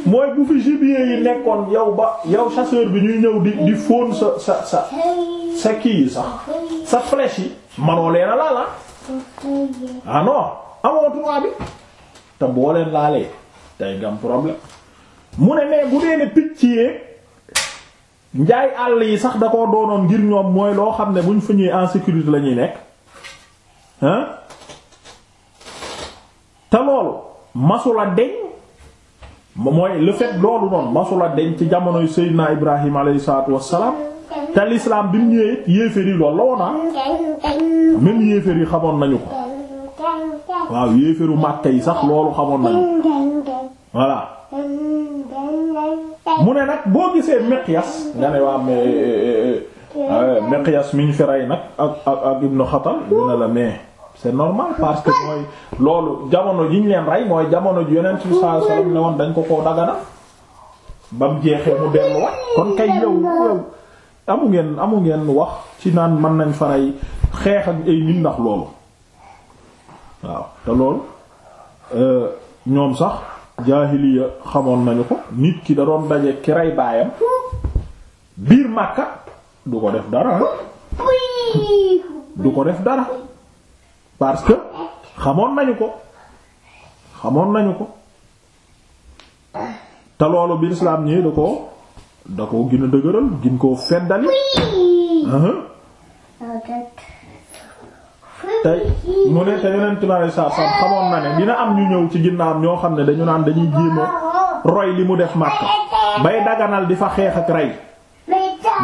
Speaker 1: mooy bu fi gibier yi nekkoon yow ba yow chasseur bi ñuy ñëw di di fóon sa sa sa kii yi sax sa flèche yi manoo leen a laala
Speaker 2: ah.
Speaker 1: ah non amoo droit bi te boo leen laalee tey nga problème mu ne mais bu dee ne picc yeeg njaay àll yi sax da koo doonoon ngir ñoom mooy loo xam ne buñ fa ñuy en sécurité la ñuy nekk hein ah. te loolu masula deñ mooy le fait loolu noonu masula deñ ci jamonoy Seydina Ibrahim alayhi salaatu wassalaam te l'islam bi mu ñëwee yéeféer yi loolu la woona
Speaker 2: ah. même
Speaker 1: yéeféer yi xamoon nañu ko
Speaker 2: waaw yéeféeru Makka yi sax loolu xamoon nañu voilà mu
Speaker 1: ne nag boo gisee Miqyas nga ne waa mais euh, euh, euh, Miqyas mi ñu fi nag ak ak ak Ibnu Xatal dina la mais c'est normal parce que mooy loolu jamono ji ñu leen rey mooy jamono ji yonent bi sallallahu alayhi wasallam ne woon dañ ko ko dagana ba mu jeexee mu delluwaat kon kay yow yow amu ngeen amu ngeen wax ci naan mën nañ ay xeex ak ay nit ndax loolu waaw te loolu euh, ñoom sax jaahiliya xamoon nañu ko nit ki da doon daje ki rey baayam biir Makka du ko def dara du ko def dara parce que xamoon nañu ko xamoon nañu ko te loolu bi lislaam ñëwee da ko da ko gën a dëgëral gën koo feddali tey mu ne te yonent bi aleyhi salaatu xamoon na ne dina am ñu ñëw ci ginnaar ñoo xam ne dañu naan dañuy jéem
Speaker 2: a
Speaker 1: roy li mu def Makka bay daganal di fa xeex ak rey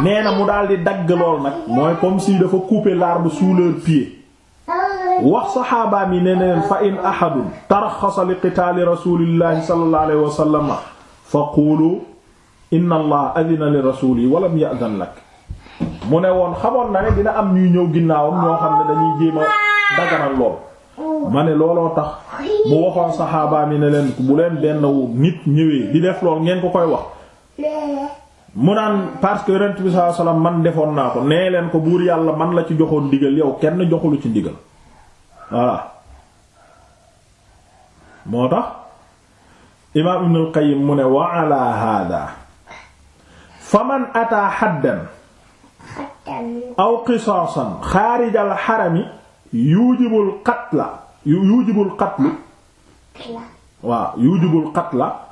Speaker 1: nee na mu daal di dagg lool nag mooy comme si dafa couper laar sous leur pied wax saxaabaam yi ne neen fa in ahadun taraxasa li qitaali rasulillahi sallallahu alayhi wa sallam fa quulu inna allah adina li rasuli wa lam ya'dan mu ne woon xamoon na ne dina am ñuy ñëw ginnaawam ñoo xam ne dañuy jéem a lool ma ne looloo tax mu waxoon saxaabaam yi ne leen bu leen benn nit ñëwee di def lool ngeen ko koy wax mu naan parce que yonent bi sallallahu man defoon naa ko nee leen ko buur yàlla man la ci joxoon digal yow kenn joxulu ci ndigal voilà moo tax imaam ibn al-Qayyim mu ne wa ala hada faman ata haddan aw qisaasan xaarij al-harami yujibul qatla yujibul qatlu waaw yujibul qatla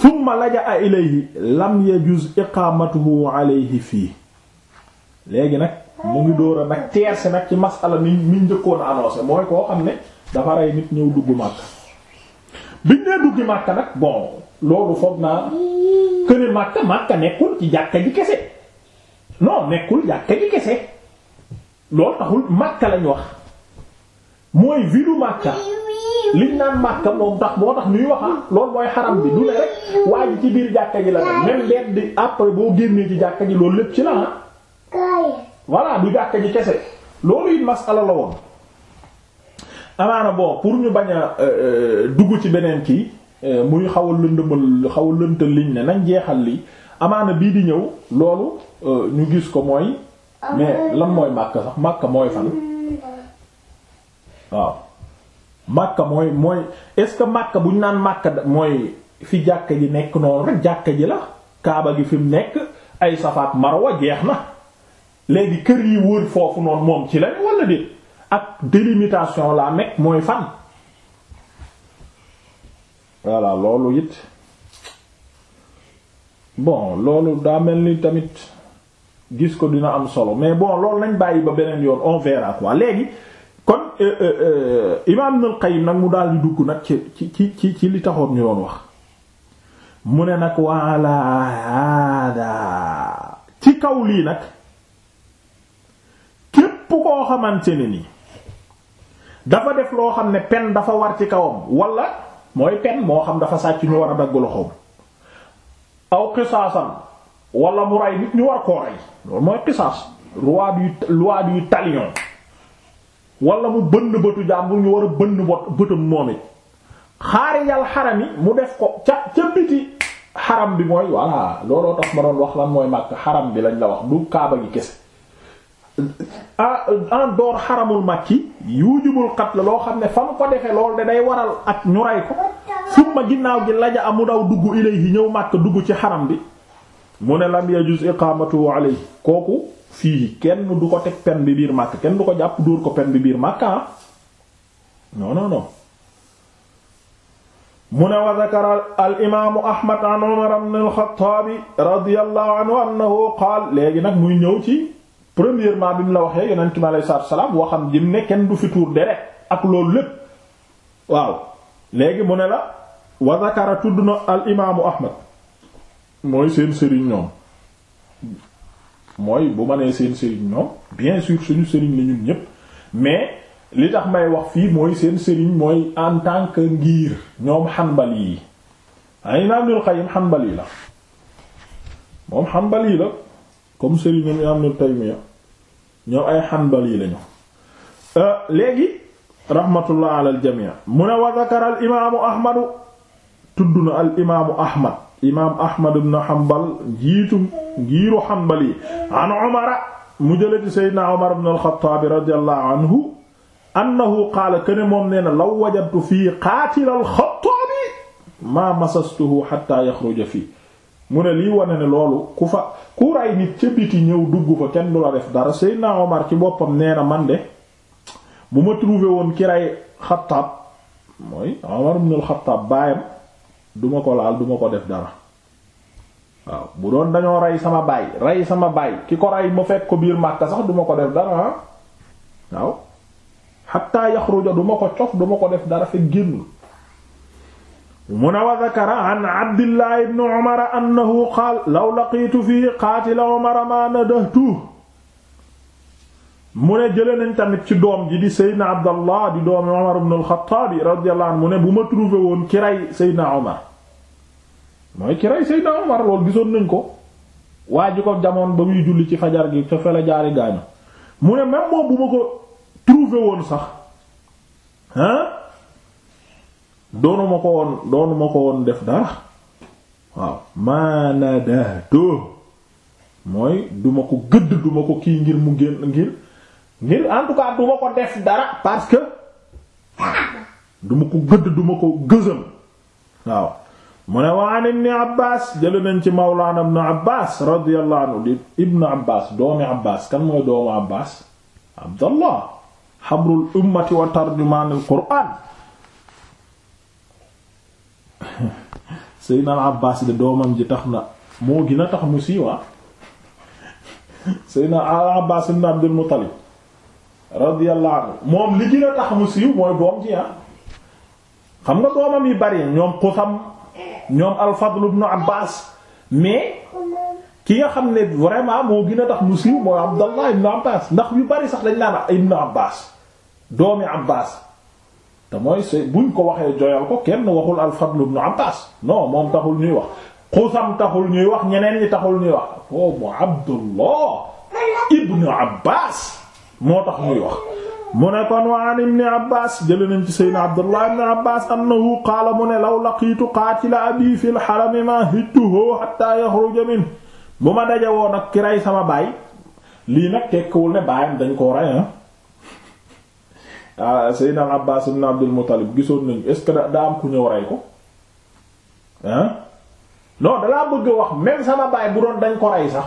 Speaker 1: thumma laja'a ilayhi lam yajuz iqaamatuhu alayhi fii léegi nag mu ngi door nag teerse nag ci masala mi mi njëkkoon mooy koo xam ne dafa rey nit ñëw dugg màkk biñ duggi màkk nag bon loolu foog naa këne màkk màkk nekkul ci jàkka ji kese non nekkul jàkka ji kese loolu taxul màkk lañ wax mooy vidu màkka liñ naan màkka moom tax boo tax ñuy waxa ah, loolu mooy xaram bi du ne rek waa ji ci biir jàkka ji la ne même benn di après boo génnee ci jàkka ji loolu lépp ci la ah. voilà du jàkka ji kese loolu it masala la woon amaana bon pour ñu bañ a euh, euh, dugg ci beneen kii euh, muy xaw a lëndëmal xaw lëntal liñ ne nañ jeexal li amaana bii di ñëw loolu ñu gis ko mooy
Speaker 2: mais lan mooy
Speaker 1: Makka sax Makka mooy fan waaw Makka mooy mooy est-ce que Makka bu ñu naan Makka mooy fi jàkka ji nekk noonu rek jàkka ji la Kaaba gi fi mu nekk ay safaat Marwa jeex na léegi kër yi wër foofu noonu moom ci lañ wala déet ak délimitation la nekk mooy fan voilà loolu it bon loolu daa mel ni tamit gis ko dina am solo mais bon loolu nañ bàyyi ba beneen yoon on verra quoi léegi kon euh, euh, imaam Ibnul Qayyim nag mu daal di dugg nag ci ci ci ci li taxoon ñu doon wax mu ne nag waala ci kaw lii nag koo xamante ne ni dafa def loo xam ne pen dafa war ci kawam walla mooy pen moo xam dafa sàcc ñu war a dagg loxoom aw xisaasan wala mu rey nit ñu war koo rey loolu mooy xisaas loi du loi du talion wala mu bënn bëtu jàmbur ñu war a bënn bot moom it xaari yàlla mu def ko ca ca biti xaram bi mooy voilà looloo tax ma wax lan mooy màkk xaram bi lañ la wax du kaaba gi kese Ah, en door xaramul makki yuujubul xat la loo xam ne fa mu ko defee lool de day waral ak ñu rey ko summa ginnaaw gi laja amu daw dugg ilayhi ñëw màkk dugg ci xaram bi mu ne lam yajuz iqamatu alayhi kooku fii kenn du ko teg pen bi biir màkk kenn du ko jàpp dóor ko pen bi biir màkk ah non non mu ne wa zakara al imaamu ahmad an umar ibn al-xattaab annahu qaal léegi nag muy ñëw ci premièrement bi mu la waxee yonent mi alayhi salaatu salaam waxam jëm ne kenn du fi tuur deret ak loolu lépp waaw léegi mu ne la wa zakara tudd na al imaamu Ahmad mooy seen sëriñ ñoom mooy bu ma nee seen sëriñ ñoom bien sûr suñu sëriñ la ñun ñépp mais li tax may wax fii mooy seen sëriñ mooy en tant que ngir ñoom Hanbali yi ay ah, imaam Ibnul Qayyim Hanbali la moom Hanbali la. comme sëriñam yi am na Taymiya ñoom ay xanbal yi lañu euh, léegi rahmatullah ala al jamii mu ne wa zakara al imaamu ahmadu tudd na al imaamu ahmad imaam ahmad ibn hanbal njiitu ngiiru hanbal yi an umara mu jële ci seydina umar ibn alxataabi radiallahu anhu annahu qaala kene moom nee na law wajadtu fii qaatila alxataabi maa masastuhu xatta yaxruja fii mu ne lii wane ne loolu ku fa ku ray nit ca biti ñëw dugg fa kenn du la def dara naa Omar ci boppam nee na man de bu ma trouvé woon ki ray Xattaab mooy Omar ibn al-Xattaab baayam du ko laal duma ko def dara waaw bu doon dañoo ray sama baay ray sama baay ki ko ray ma fekk ko biir Màkka sax duma ko def dara ah waaw xataa yaxruja duma ko cof duma ko def dara fekk génn mu ne wa zakara an abdillah ibn umar annahu qaal law laqiitu fii qaatila umar ma nadahtu mu ne jële nañ tamit ci doom ji di seydna abdallah di doomi umar ibn al-xattaab radiyallahu anhu mu ne bu ma trouvé woon ki rey seydna umar mooy ki rey seydna umar loolu gisoon nañ ko waa ji ko jamoon ba muy julli ci fajar gi ca fele jaari gaañu mu ne même moom bu ma ko trouvé woon sax ah doonu ma ko woon doonu ma ko woon def dara waaw maanadaatoo mooy duma ko gëdd duma ko kii ngir mu génn ngir ngir en tout cas duma ko def dara parce que duma ko gëdd duma ko gësam waaw mu ne waan ibni abbas jële ci mawlaana ibnu abbas radiyallahu ibnu abbas doomi abbas kan mooy doomu abbas abdallah xabrul ummati wa tarjumaanul qur'aan [laughs] naa al Abbaas de doomam ji tax na moo gën a tax mu siiwa Seydina al Abbaas ibn Abdul Muttalib radiyallahu anhu moom li gën a tax mu siiw mooy doom ji ah xam nga doomam yi bari ñoom Qusam ñoom al Fadl ibn Abbaas mais ki nga xam ne vraiment moo gën a tax mu siiw mooy Abdallah ibn Abbaas ndax yu bari sax dañ naan ibn Abbaas doomi Abbaas te mooy buñ ko waxee joyal ko kenn waxul al-Fadl ibn Abbas non moom taxul ñuy wax Xusam taxul ñuy wax ñeneen ñi taxul ñuy wax foofu oh, Abdullah ibn Abbas moo tax ñuy wax mu ne kon wa an ibn Abbas jële nañ ci Seydina Abdullah ibn Abbas annahu qaala mu ne law laqiitu qaatila abi fil harami ma hittuhu hatta yakhruja min bu ma daje ak ki rey sama baay lii nag tekkiwul ne baayam dañ koo rey ah. Ah, Seydina al Abbaas ibn Abdul Muttalib gisoon nañu est-ce que ku ñëw rey ko ah non dalaa bëgg wax même sama baay bu doon dañ ko rey sax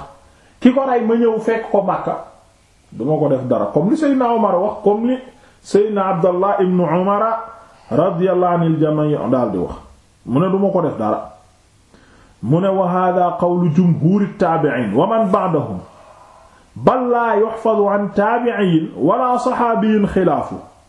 Speaker 1: ki ko rey ma ñëw fekk ko Makka duma ko def dara comme li Seydina Omar wax comme li Seydina Abdallah ibn daal di wax mu ne duma ko def dara mu ne wa hada qawlu jumhuuri taabi'in wa man ba'dahum bal laa yuhfadu an taabi'in wala saxaabiyin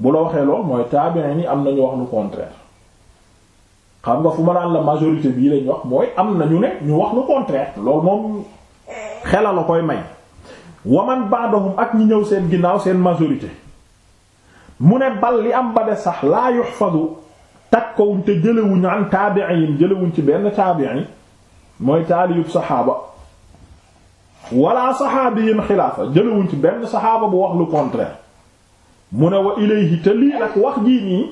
Speaker 1: bu la waxee lool mooy taabiin yi am nañu wax lu contraire xam nga fu ma naan la majorité bii lañ wax mooy am na ñu ne ñu wax lu contraire loolu moom xelal la koy may waman ba'dahum ak ñi ñëw seen ginnaaw seen majorité mu ne bal li am ba de sax laa yuhfazu takkawuñ te jëlewuñ an taabi'in jëlewuñ ci benn taabi'i mooy taaliyub saxaaba wala saxaabiyin xilaafa jëlewuñ ci benn saxaaba bu wax lu contraire mu ne wa ilayhi te lii wax jii nii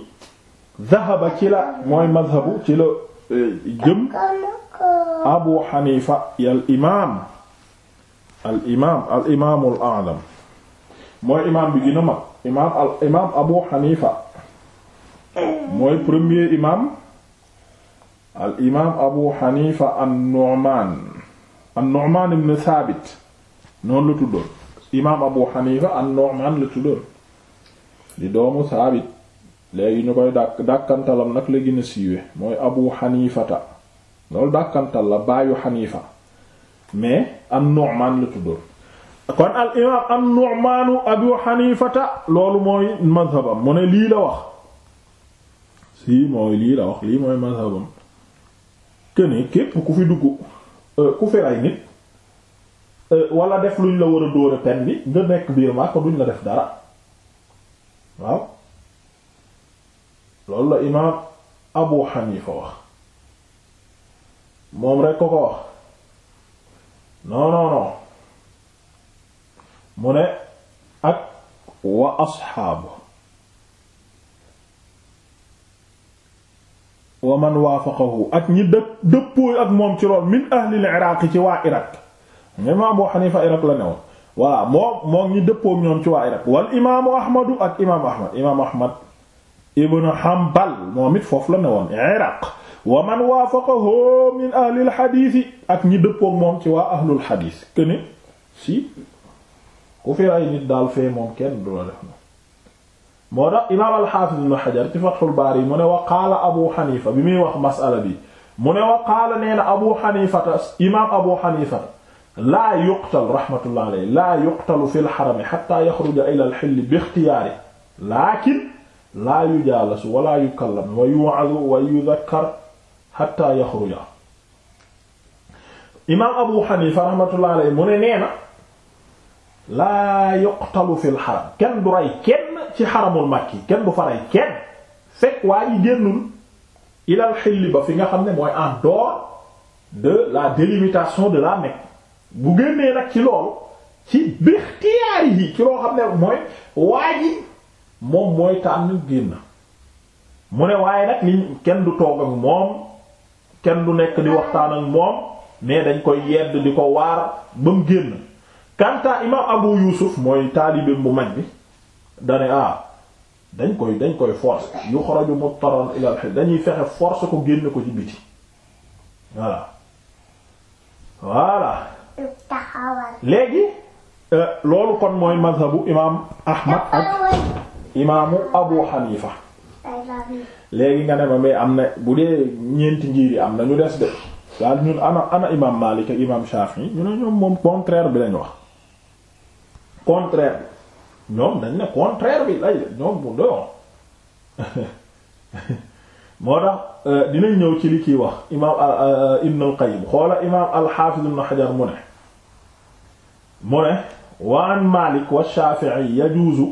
Speaker 1: dhahaba ci la mooy madhabu ci la e, jëm
Speaker 2: abu xanifa
Speaker 1: al imaam al imaam al imaamul mooy imaam bi gën a imaam abu xanifa mooy premier imaam al imaam abu xanifa an-nu'man an-nu'man ibn thabit noonu la tuddoon imaam abu xanifa an-nu'man la tuddoon di doomu saabit léegi ñu koy dàkk dàkkantalam nag la gën a siiwe mooy abu xanifata loolu dàkkantal la baayu xanifa mais am nu'man la tuddoon kon al imaam am nu'maanu abu xanifata loolu mooy mazhabam mu ne lii la wax si mooy lii la wax lii mooy mazhabam këne képp ku fi dugg euh, ku fi rey nit euh, wala def luñ la war a dóora pen bi nga nekk biir maa ko duñ la def dara waaw loolu la imaam Abu Hanifa wax moom rekk ko ko wax non mu ne ak wa asxaabu wa man waafaqahu ak ñi dë dëppooy ak moom ci lool min ahlil iraq ci waa iraq ñoom Abu Hanifa iraq la newoon voilà moo moom ñi dëppook ñoom ci waa Irak wal imaamu ahmadu ak imaamu ahmad imaamu ahmad moom it foofu la ne woon Iraq wa man waafaqahu min ahlil xadiisi ak ñi dëppook moom ci waa ahlul xadiis këne si ku fi ay nit daal fee moom kenn du la def na moo tax imaam alxaafis ibnu Hajar ci Fathul yi mu ne wa qaala Abu Xanifa bi muy wax masala bi mu ne wa qaala Abu Xanifata imaam Abu Xanifata laa yuqtal rahmatullah alay laa yuqtalu fi lxarami xata yaxruja ila alxilli bi ixtiyaari laakin laa yujaalasu wala yukallam wa yuwadu wa yudakkar xata yaxruja imaam abu xanifa rahmatullah alay mu ne nee na laa yuqtalu fi lxaram kenn du rey kenn ci xaramul makki kenn du fa rey kenn fekk waa yi génnul ilal xilli ba fi nga xam ne mooy en dehors de la délimitation de la Mecque bu génnee nag ci loolu ci bixtiyaar yi ci loo xam ne mooy waa moom mooy tànn génn mu ne waaye nag li kenn du toog ak moom kenn du nekk di waxtaan ak moom mais dañ koy yedd di ko waar ba mu génn kantaa imam Abu Yusuf mooy taalibeem bu mag bi dane ah dañ koy dañ koy force yuxraju muttaran ila al dañuy fexe force ko génn ko ci biti voilà voilà léegi euh, loolu kon mooy mazhabu imaam Ahmad ak imaamu Abu Hanifa léegi nga ne ma mais am na bu dee ñeenti njiir yi am na ñu des de daal ñun ana ana imaam Maalik ak imaam Shafi'i ñu ne ñoom moom contraire bi lañ wax contraire bi ñoom dañ ne contraire bi lay ñoom bu doon [laughs] moo tax euh, dinañ ñëw ci li kiy wax imaam euh, euh, ibn al-Qayyim xoola imaam al-Hafiz ibn Hajar mu ne mu ne wa an Malik wa Shafi'i yajuuzu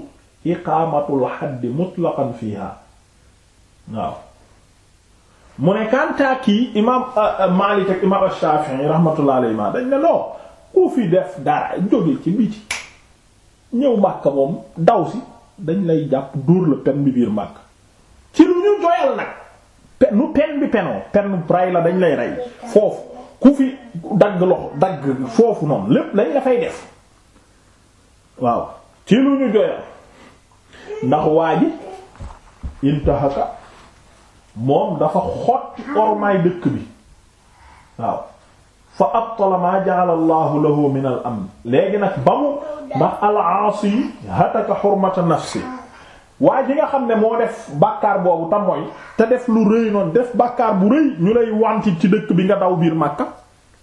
Speaker 1: iqaamatul xaddi mutlaqan fiha waaw mu ne kantaa kii imaam Malik ak imaam al-Shafi'i rahmatullah alayhima dañ ne non ku fi dañ lay jàpp dóor la pen bi biir Makka ci lu ñu joyal nag nu pen bi penoo pen ray la dañ lay rey foofu ku fi dagg loxo dagg foofu noonu lépp lañ la fay def waaw ci lu ñu joyal ndax waa ji intahaka moom dafa xotti ormaay dëkk bi waaw fa abtala ma ja'ala Allahu lahu min al léegi nag ba mu ndax al aasi hataka hurmata nafsi waa ji nga xam ne moo def bàkkaar boobu tam mooy te def lu rëy noonu def bàkkaar bu rëy ñu lay wanti ci dëkk bi nga daw biir Makka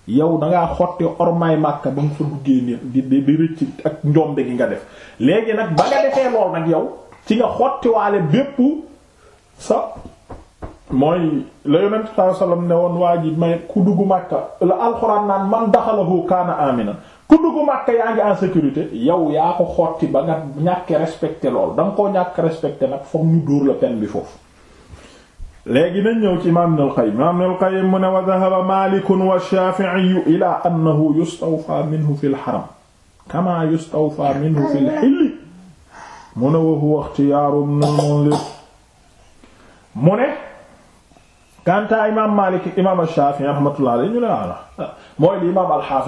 Speaker 1: yow dangaa xotti ormaay Makka ba nga fa duggee ni di di rëcc ak njombe gi nga def léegi nag ba nga defee lool nag yow ci nga xottiwaale bépp sa mooy la yonent sallallahu alayhi ne woon waa ji may ku dugg Makka la alxuraan naan man daxalahu kaana aminan ku dugg Makka yaa ngi en sécurité yow yaa ko xotti ba nga ñàkk respecté lool dan nga koo ñàkk respecté nag foog ñu dóor la peine bi foofu léegi nañ ñëw ci imaam Ibnul Qayyim imaam Ibnul Qayyim mu ne wa dhahaba Maalik wa Shaafi'i ila annahu yustawfaa minhu fil haram kama yustawfaa minhu fil hill mu ne wa huwa ikhtiyaaru Ibnul Mundhir kanta imam Maalik imam Shaafi rahmatullah alayhi ñu ne ah,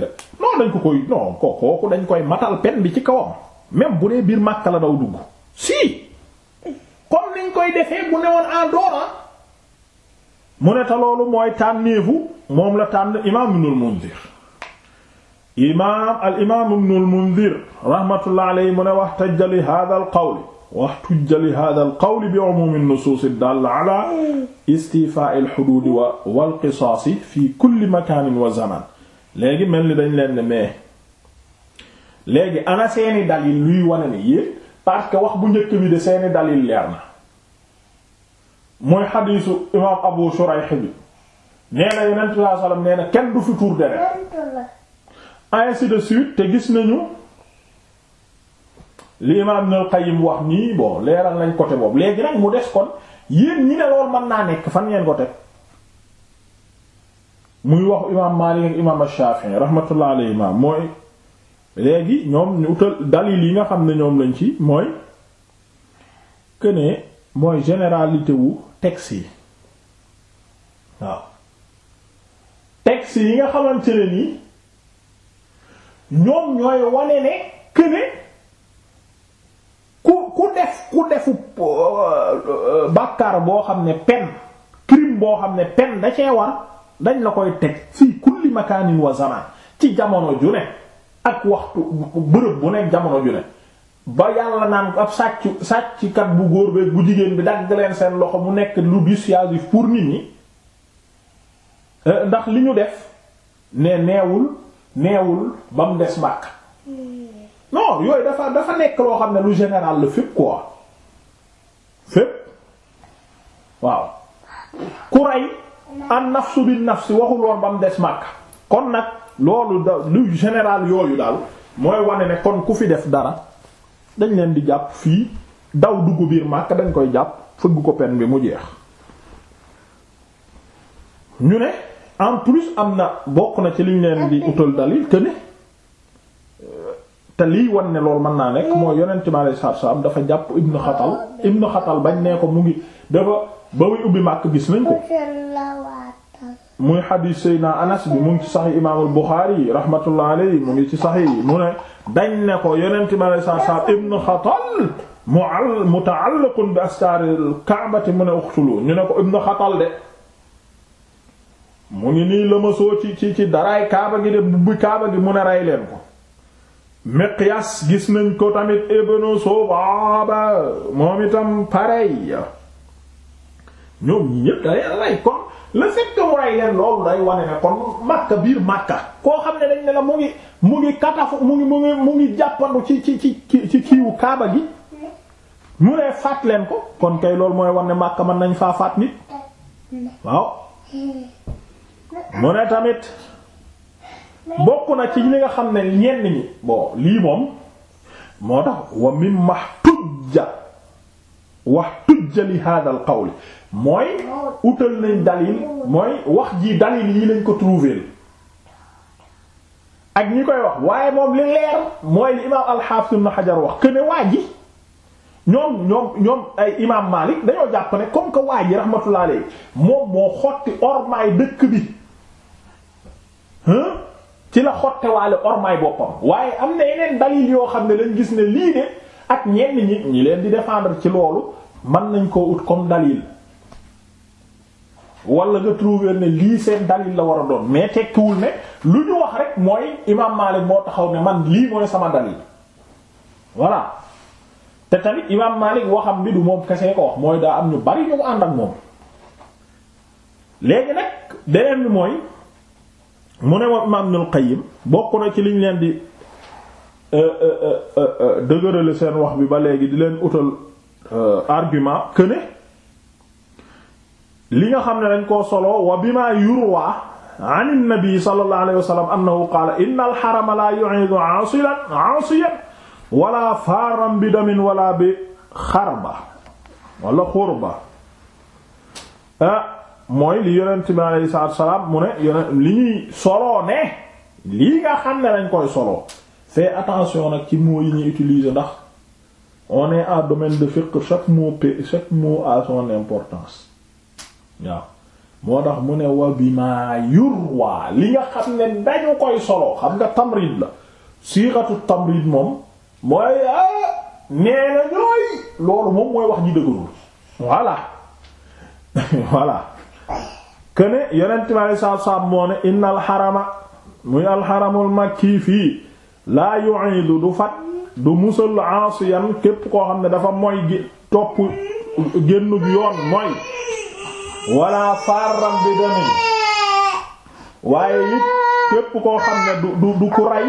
Speaker 1: rek non dañ ko koy non ko kooku dañ koy matal pen bi ci kawam même bu dee biir Makka la daw dugg si comme niñ koy defee bu newoon en dehors ah. mu ne te loolu mooy tànneefu moom la tànn imam Ibnul Munzir imam al imam Ibnul Munzir rahmatullah alayhi mu ne wax tajjali hadha al qawl واحتج لهذا القول بعموم النصوص الدالة على استيفاء الحدود والقصاص في كل مكان وزمان léegi mel ni dañ leen ne mais léegi ana seeni dalil luy wane ne yéen wax bu njëkk bi de seeni dalil leer na mooy xadiisu imaam Abu Shurayh bi nee na Yonent sallallahu alayhi wa sallam nee na kenn du fi tuur deret te gis nañu li imaam Ibn al-Qayyim wax nii bon leeral nañ côté boobu léegi nag mu des kon yéen ñi ne lool mën naa nekk fan ngeen ko muy wax imaam Maalik ak imaam Shaafi'i rahmatullah alayhima mooy léegi ñoom ñu utal dalil yi nga xam ne ñoom lañ ci mooy que ne mooy généralité wu texte yi waaw texte yi nga xamante ne ni ñoom ñooy wane ne que ku def ku defu euh, bàkkaar boo xam ne pen crime boo xam ne pen da cee war dañ la koy teg fii kulli makaanin wa zaman ci jamono ju ne ak waxtu bërëb bu nekk jamono ju ne ba yàlla naan ab sàcc sàcckat bu góor beek bu jigéen bi dagg leen seen loxo mu nekk lu dissuasif pour nit ñi euh, ndax li ñu def ne neewul neewul ba mu des màkk non yooyu dafa dafa nekk loo xam ne lu général lu fépp quoi fépp waaw ku rey an nafsu bin nafsi waxul ba mu des màkk kon nag loolu da lu général yooyu daal mooy wane ne kon ku fi def dara dañ leen di jàpp fii daw dugg biir màkk dañ koy jàpp fëgg ko pen bi mu jeex ñu ne en plus am na bokk na ci liñ leen di utal dalil que ne te lii wan ne man naa nekk mm. moo yonent mi alayhi salaatu salaam dafa jàpp ibnu xatal mm. ibnu xatal bañ nee ko mu ngi dafa ba muy ubbi màkk gis nañ ko muy xadiis Seydina Anas bi mu ngi ci saxi imaamul Buxaari yi rahmatullah mu ngi ci saxi yi mu ne dañ ne ko yonent mi alayhi salaatu salaam ibnu xatal mual muta'alliqun bi astaaril kaabati mu ne uxtulu ñu ne ko ibnu xatal de mu ngi nii lëmasoo ci ci ci daraay kaaba gi de bubbi kaaba gi mu ne rey leen ko miqyas gis nañ ko tamit ibnu subaaba moom itam pareil ñoom ñi ñépp da leen rey kon le fait que mu leen loolu day wane ne kon makka biir makka koo xam ne dañ ne la mu ngi mu ngi katafu mu ngi mu ngi mu ngi jàppandu ci ci ci ci kiiwu kaaba gi mu ne faat leen ko kon kay loolu mooy wane ne makka mën nañ faa faat nit waaw mu ne tamit bokk na ci li nga xam ne ñenn ñi bon lii moom moo tax wa mim wax tujja wax tujja li hadal qawli mooy utal nañ dalil mooy wax ji dalil yi lañ ko trouver ak ñi koy wax waaye moom li leer mooy li imaam al-Hafiz Ibn wax que ne waa ji ñoom ñoom ay imaam Malik dañoo jàpp ne comme que waa ji rahmatullah alayhi moom moo xotti ormaay dëkk bi hein ci la xottewaale ormaay boppam waaye am na yeneen dalil yoo xam ne lañ gis ne lii de ak ñenn ñi ñi leen di défendre ci loolu man nañ koo ut comme dalil wala nga trouver ne lii seen dalil la war a doon mais tekkiwul ne lu ñu wax rek mooy imaam Maalik moo taxaw ne man lii mooy sama dalil voilà te tamit imaam Maalik waxam bi du moom kese ko wax mooy daa am ñu bari ñu mu ànd ak moom léegi nag beneen bi mooy. mu ne wa imaam Ibnul Qayyim bokk na ci liñ leen di euh, euh, euh, seen wax bi ba léegi leen utal li nga xam ne dañ koo solo wa bima yurwa an an-nabi sallallahu alayhi wa sallam al-harama la yu'idu 'asilan 'asiyan wala faran bi damin wala bi xarba wala xurba ah, mooy li yonent bi alayhi salaatu mu ne yonent li ñuy soloo ne lii nga xam ne lañ koy solo fais attention nag ci moo yi ñuy utiliser ndax on est en domaine de fiqh chaque mot chaque mot a son importance waaw moo tax mu ne wa bima yurwa li nga xam ne dañu koy soloo xam nga tamrid la siixatu tamrid moom mooy ah, nee na loolu moom mooy wax ji dëgërul voilà [laughs] voilà këne yonent bi aleyhi salaatu salaam inna alxarama muy alxaramul makki fii laa yu'idu du fat du musal aasiyan képp koo xam ne dafa mooy topp génn bi yoon mooy wala faram bi waaye it képp koo xam ne du du ku rey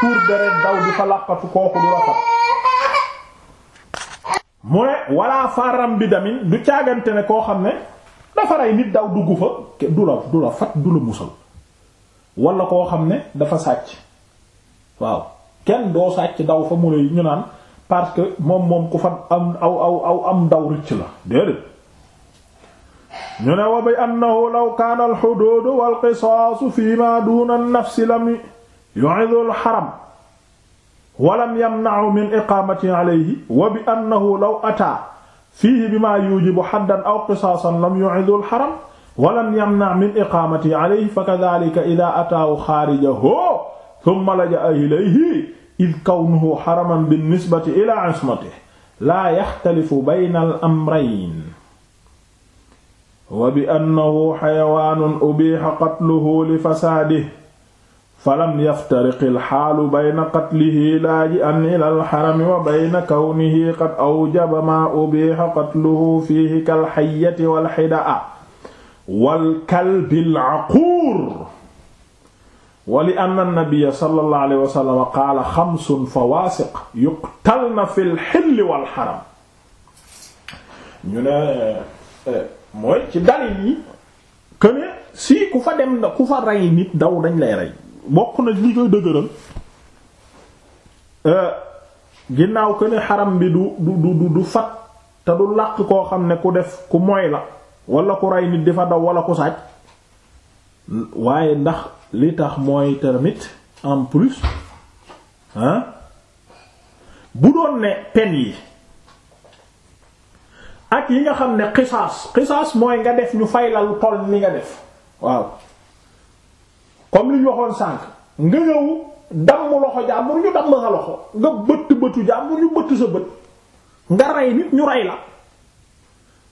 Speaker 1: tuur deret daw di fa làqatu kooku du la mu ne wala faram bi du càggante ne koo xam ne dafa rey nit daw dugg fa du la du la fat du la musal wala koo xam ne dafa sàcc waaw kenn doo sàcc daw fa mu lay ñu naan parce que moom moom ku fa am aw aw aw am daw rëcc la déedéet ñu ne wa bi law kaana alxuduud wal qisaasu fi ma duna nafsi lam yu'idu alxaram wa lam law ataa fiihi bimaa yuujibu haddan aw qisaasan lam yu'idu al-haram wa lam yamna' min iqaamatihi alayhi fa kadhaalika idhaa ataahu khaarijahu thumma laja'a ilayhi id kawnuhu haraman bin-nisbati ilaa 'ismatihi laa yaxtalifu bayna al-amrayn wa bi annahu hayawaanun ubiiha qatluhu li fasaadihi falam yaftariqil xaalu bayna qatlihi laaji an ila alxarami wa bayna kawnihi qad awjaba maa ubiixa qatluhu fiihi kalxayati walxidaa walkalbil aquur wa li anna nabiyya sallallahu alayhi wa sallam qaala xamsun fawaasiq yuqtalna fil xilli wal xaram ñu ne eh, mooy ci dalil yi que ne si ku fa dem ku fa rey nit daw dañ lay rey. bokk na li koy dëgëral euh, ginnaaw ko ne xaram bi du du du du fat te du làq koo xam ne ku def ku moy la walla ku rey nit di fa daw wala ku sàcc waaye ndax li tax mooy tamit en plus ah bu doon ne pen yi ak yi nga xam ne xisaas xisaas mooy nga def ñu fay la lu toll ni nga def waaw comme li waxoon sànq nga ñëw damm loxo jàmbur ñu damm sa loxo nga bëtt bëtu jàmbur ñu bëtt sa bët nga rey nit ñu rey la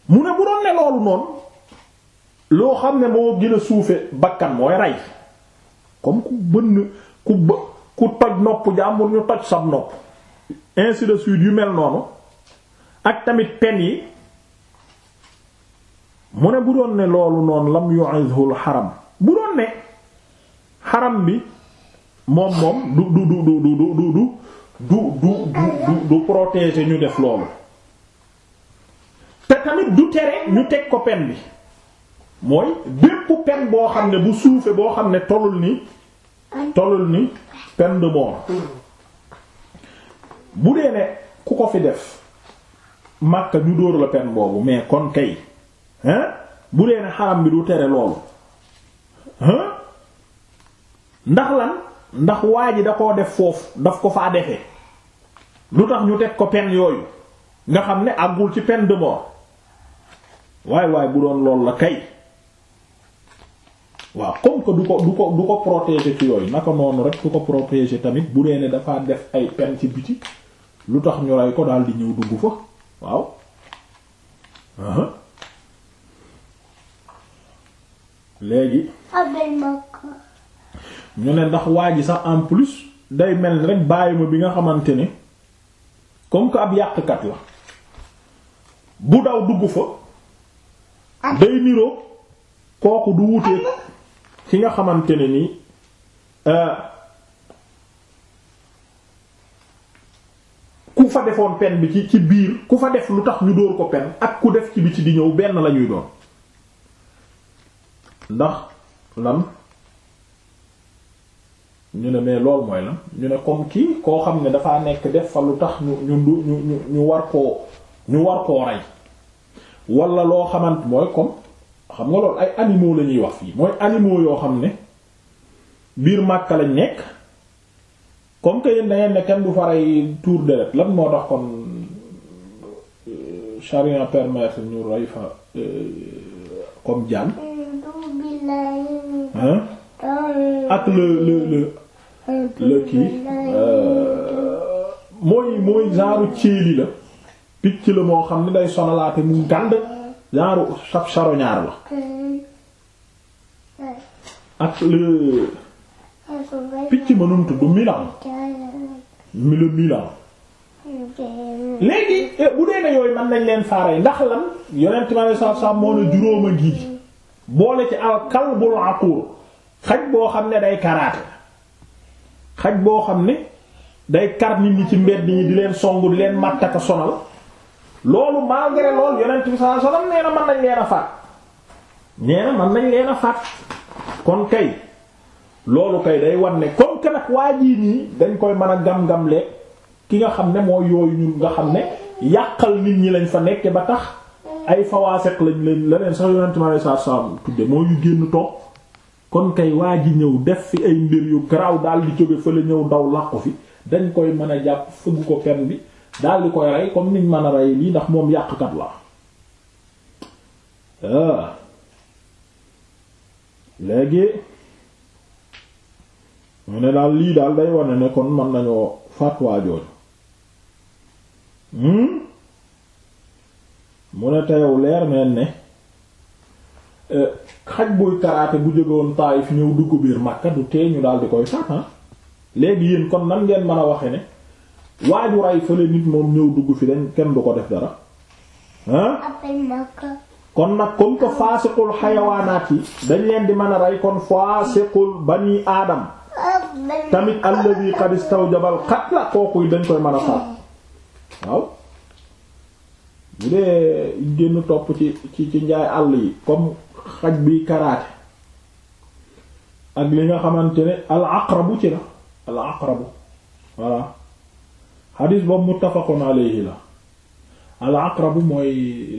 Speaker 1: mu ne bu doon ne loolu noonu loo xam ne moo gën suufe bakkan mooy rey bë ku nopp jàmbur ñu toj sab nopp ainsi de suite yu mel noonu ak tamit pen yi mu bu doon ne loolu noonu lam yu'izhul haram bu doon ne xaram bi moom moom du du du du du du du du du protéger ñu def loolu te tamit du tere ñu teg ko pen bi mooy bépp pen boo xam ne bu suufee boo xam ne tolul ni tolul ni peine de mort bu dee ne ku ko fi def Makka ñu dóor la peine boobu mais kon kay hein bu dee ne xaram bi du tere loolu hein ndax lan ndax waa ji da koo def foofu daf ko faa defee lu tax ñu teg ko peine yooyu nga xam ne àggul ci peine de mort waaye waay bu doon lool la kay waaw comme que du ko du ko du ko protéger ci yooyu naka noonu rek du ko protéger tamit bu dee ne dafa def ay peine ci biti lu tax ñu rey ko daal di ñëw dugg fa waaw léegi ñu ne ndax waa ji sax en plus day mel ni rek bàyyi ma bi nga xamante ni comme que ab yàqkat la bu daw dugg fa ah. day niroo kooku du wuteek ah. ki nga xamante ne nii euh, ku fa defoon pen bi ci ci biir ku fa def lu tax ñu dóor ko pen ak ku def ci bi ci di ñëw benn la ñuy doon ndax lan ñu ne mais loolu mooy la ñu ne comme kii koo xam ne dafaa nekk def fa lu tax ñu ñu ñu ñu war koo ñu war koo rey wala loo xamant mooy comme xam nga loolu ay animaux la ñuy wax fii mooy animaux yoo xam ne biir Makka lañ nekk comme que yéen da ngeen ne kenn du fa rey tour deret lan moo tax kon euh, charia permettre ñu rey fa euh, comme jaan.
Speaker 2: Eh, euh, ak le le le la kii
Speaker 1: euh, mooy mooy genre céeli la picc la moo xam ni day sonalaate mu gànd genre sab charognard la ak le picc mënum tudd milan mi la milan léegi eh, bu dee ne yooyu mën nañ leen faara yi ndax lan yonent ma ne saab-saab moo ne juróoma ngi boole ci al kalbul aqur xaj boo xam ne day karaate xaj boo xam ne day kar nit ñi ci mbedd ñi di leen songu di leen màttaka sonal loolu malgré loolu yonent bi sallallahu alayhi wasallam nee na mën nañ leen a faat nee na mën nañ leen a faat kon kay loolu kay day wan ne kon que waa jii nii dañ koy man a gam-gamle ki nga xam ne moo yooyu ñun nga xam ne yàqal nit ñi lañ fa nekke ba tax ay fawaaseq lañ leen la leen sax yonent bi sallallahu alayhi wasallam tudde moo yu génn toog kon kay waa ji ñëw def fi ay mbir yu garaaw daal di jóge fa ñëw daw làqu fi dañ koy mën a jàpp fëgg ko pen bi daal di koy rey comme niñ mën a rey lii ndax moom yàqkat la ah. léegi mu ne daal lii daal day wane ne kon mën nañoo faat waa hmm? mu ne te leer meen ne eh, xaj buy karaate bu jógoon Taayif ñëw dugg biir Makka du tee ñu daal di koy faat ah. léegi yéen kon nan ngeen mën a waxe ne waaju ray fële nit moom ñëw dugg fi dañ kenn du ko def dara ah. kon nag comme que yi dañ leen di mën a rey kon faasiqul bani aadam tamit alladi qad istawjabal dañ koy mën a faat waaw bu dee génn topp ci ci ci njaay àll yi comme xaj bi karaate ak li nga xamante ne al aqrabu ci la al aqrabu voilà xadis boobu muttafaqun alayhi la al aqrabu mooy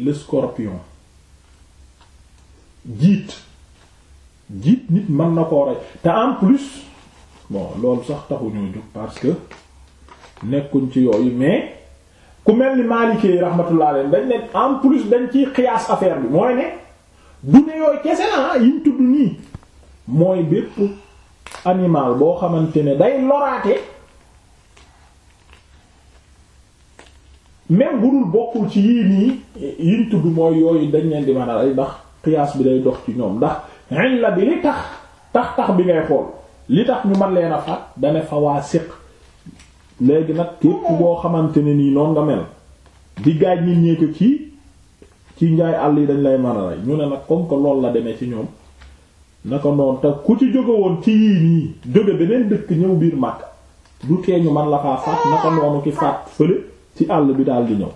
Speaker 1: le scorpion jiit jiit nit man na koo rey te en plus bon loolu sax taxu ñoo jóg parce que nekkuñ ci yooyu mais ku mel ni Maalikee rahmatullah alayhi dañ ne en plus dañ ciy xiyaas affaire bi mooy ne du ne yooyu kese la ah, yiñ tudd nii mooy bépp animal boo xamante ne day loraate même bu dul bokkul ci yii nii yiñ tudd mooy yooyu dañ leen di mën a ndax qiyaas bi day dox ci ñoom ndax xin la bi li tax tax tax bi ngay xool li tax ñu mën leen a faat dane fawaasiq léegi nag képp boo xamante ne nii noonu nga mel di gaaj nit ñee ko ci ci njaay àll yi dañ lay mën rey ñu ne nag comme que loolu la demee ci ñoom naka noonu te ku ci jóge woon ci yii nii jóge beneen dëkk ñëw biir màkk du tee ñu man la faa faat naka noonu ki faat fële ci àll bi daal di ñëw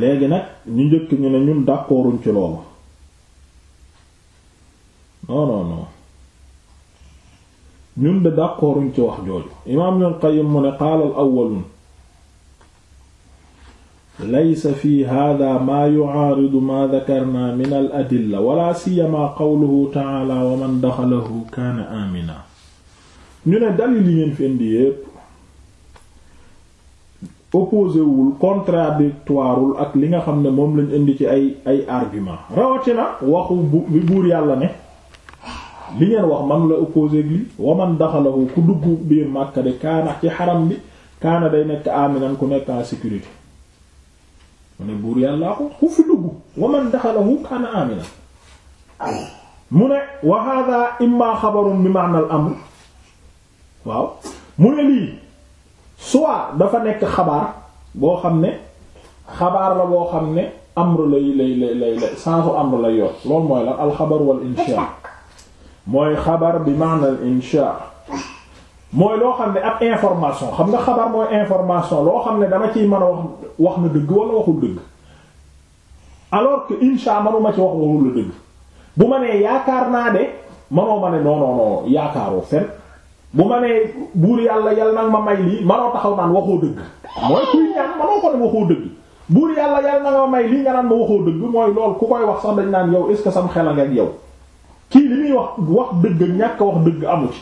Speaker 1: léegi nag ñu njëkk ñu ne ñun d'accorduñ ci loolu non ñun de d'accorduñ ci wax jooju imaam ñun Qayyim mu ne qaala al laysa fi hada maa yucaaridu maa dakarna min la adilla wala siyama qawluhu taala wa man daxalahu kaana amina ñu ne dalil yi ngeen fi indi yépp opposé wul ak li nga xam ne moom lañ indi ci ay ay argument rawatina waxu bi buur yàlla ne li ngeen wax man la opposé ak li wa man daxalahu ku dugg de kaana ci xaram bi kaana day nekk aminan ku nekk en sécurité mu ne buur yàllaa ko ku fi dugg wa man daxalahu kaana amina mu ne wa hada imma xabarun bi ma'na al waaw mu ne lii soit dafa nekk xabaar boo xam ne xabaar la boo xam ne amr lay lay lay lay lay lay yor loolu mooy la alxabar wal insha mooy xabar bi ma'na al insha mooy loo xam ne ab information xam nga xabar mooy information loo xam ne dama ciy man a wax wax na dëgg walla waxul dëgg alors que insha manuma ci wax waxul dëgg bu ma nee yaakaar naa de manoo ma ne non yaakaaroo fen bu ma nee buur yàlla yal nag ma may lii manoo taxaw naan waxoo dëgg mooy kuy ñaan manoo ko ne buur yàlla yal nag ma may lii nga naan ma waxoo dëgg mooy lool ku koy wax sax dañ naan yow est sam xel a nga ak yow kii li muy wax wax dëgg ñàkk wax dëgg amu ci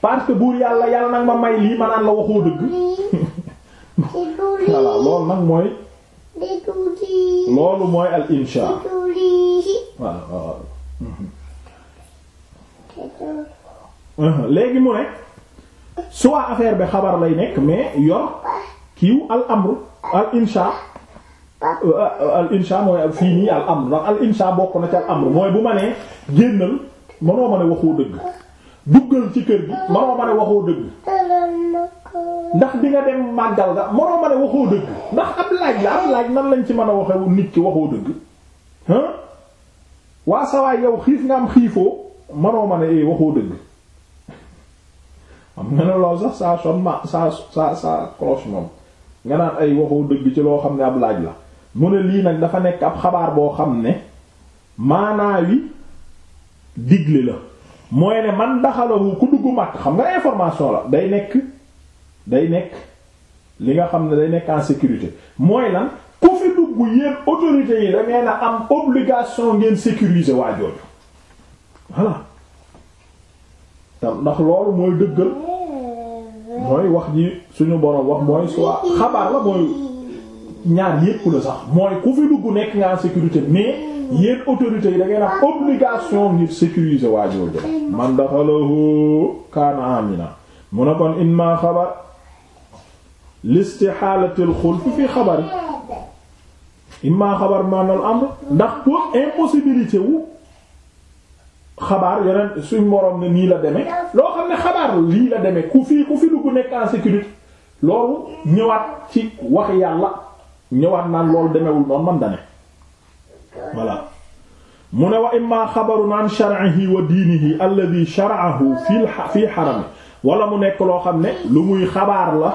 Speaker 1: parce que buur yàlla yàlla nag ma may lii ma naan la waxoo dëgg
Speaker 2: voilà loolu nag mooy loolu
Speaker 1: mooy al insha mhm. mhm. léegi mu ne soit affaire bi xabar lay nekk mais yor kiiw al amru al insha euh, al insha mooy fii nii al amru ndax al insha bokk na ci al amru mooy bu ma nee génnal mënoo ma ne waxoo dëgg duggal ci kër gi manoo ma ne waxoo dëgg ndax di nga dem màggal ga manoo ma ne waxoo dëgg ndax ab laaj la ab laaj nan lañ ci mën a waxe nit ci waxoo dëgg ah waa sawaay yow xiif nga am xiifoo manoo ma ne eh, waxoo dëgg am nga ne loolu sax saa son ma saa saa saa cloche moom nga naan ay waxoo dëgg ci loo xam ne ab laaj la mu ne lii nag dafa nekk ab xabaar boo xam ne maanaa wi digle la mooy ne man daxalawu ku dugg màkk xam nga information la day nekk day nekk li nga xam ne day nekk en sécurité mooy lan ku fi dugg yéen autorités yi da ngeen a am obligation ngeen sécuriser waa jooju voilà tam ndax loolu mooy dëggal mooy wax ji suñu borom wax mooy soit xabaar la mooy ñaar yépp la sax mooy ku fi dugg nekk nga en sécurité mais yéen autorité yi da ngeen am obligation ngir sécuriser waajoo jël man daxalahu kaana amina mu ne kon imma xabar listihalatil xulf fi xabari imma xabar maanal amr ndax pour impossibilité wu xabaar yeneen suñ moroom ne nii la demee loo xam ne xabaar lii la demee ku fi ku fi dugg nekk en sécurité loolu ñëwaat ci wax yàlla ñëwaat naan loolu demewul noonu man da voilà mu ne wa imma xabarun an shar'ihi wa diinihi alladhi shar'ahu fii fii xarami wala mu nekk loo xam ne lu muy xabaar la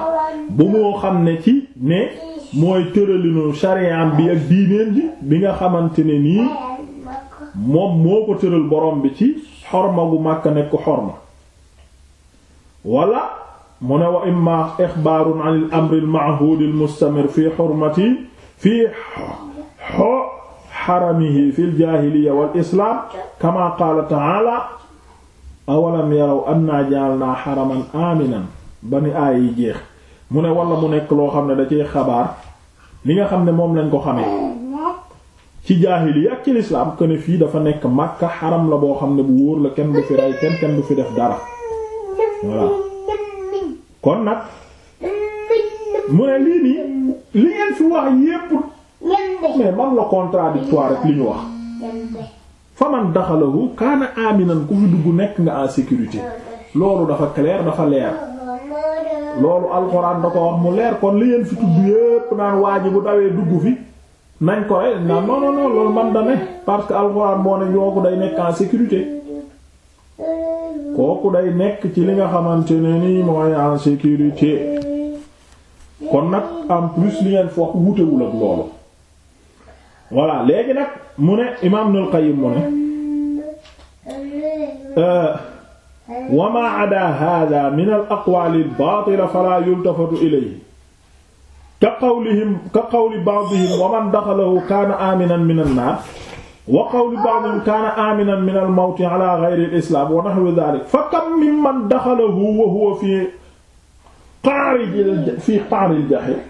Speaker 1: bu moo xam ne ci ne mooy tëralinu shari'am bi ak diineen ji bi nga xamante ne nii moom moo ko tëral borom bi ci xorma gu Makka nekk xorma wala mu ne wa imma ixbaarun an al amri al ma'hud al fi xurmati fi xaramihi fi ljaahiliya wal islaam kama qaala taala awalam yaraw annaa ja'alnaa xaraman aaminan ba ni aay jeex mu ne wala mu nekk loo xam ne da ciy xabaar li nga xam ne moom lañ ko xamee ci jaahiliya ak ci lislaam ko fii dafa nekk Makka xaram la boo xam ne bu wóor la kenn du fi rey kenn kenn fi def dara kon nag mu ne lii nii li ngeen fi wax yépp mais man la contradictoire ak li ñu wax fa man daxalahu kaana aminan ku fi dugg nekk nga en sécurité loolu dafa clair dafa leer loolu alxuraan da ko wax mu leer kon li ngeen fi tudd yépp naan waa dawee dugg fi nañ ko rek naan loolu man da ne parce que alxuraan moo ne yooku day nekk en sécurité kooku day nekk ci li nga xamante ne mooy en sécurité kon nag en plus li ngeen foog wutewul ak loolu voilà léegi nag mu ne imaam Ibnul Qayyim mu ne euh, wa maa adaa haadaa minal aqwaalil baatila falaa yultafatu ilayhi ka qawlihim ka qawli ba'dihim wa man daxalahu kaana aaminan minan naar wa qawli ba'dihim kaana aaminan minal mawti alaa ghayril islaam wa nahwi dhaalik fa kam mimman daxalahu wa huwa fii qaaril fii qaaril jahiim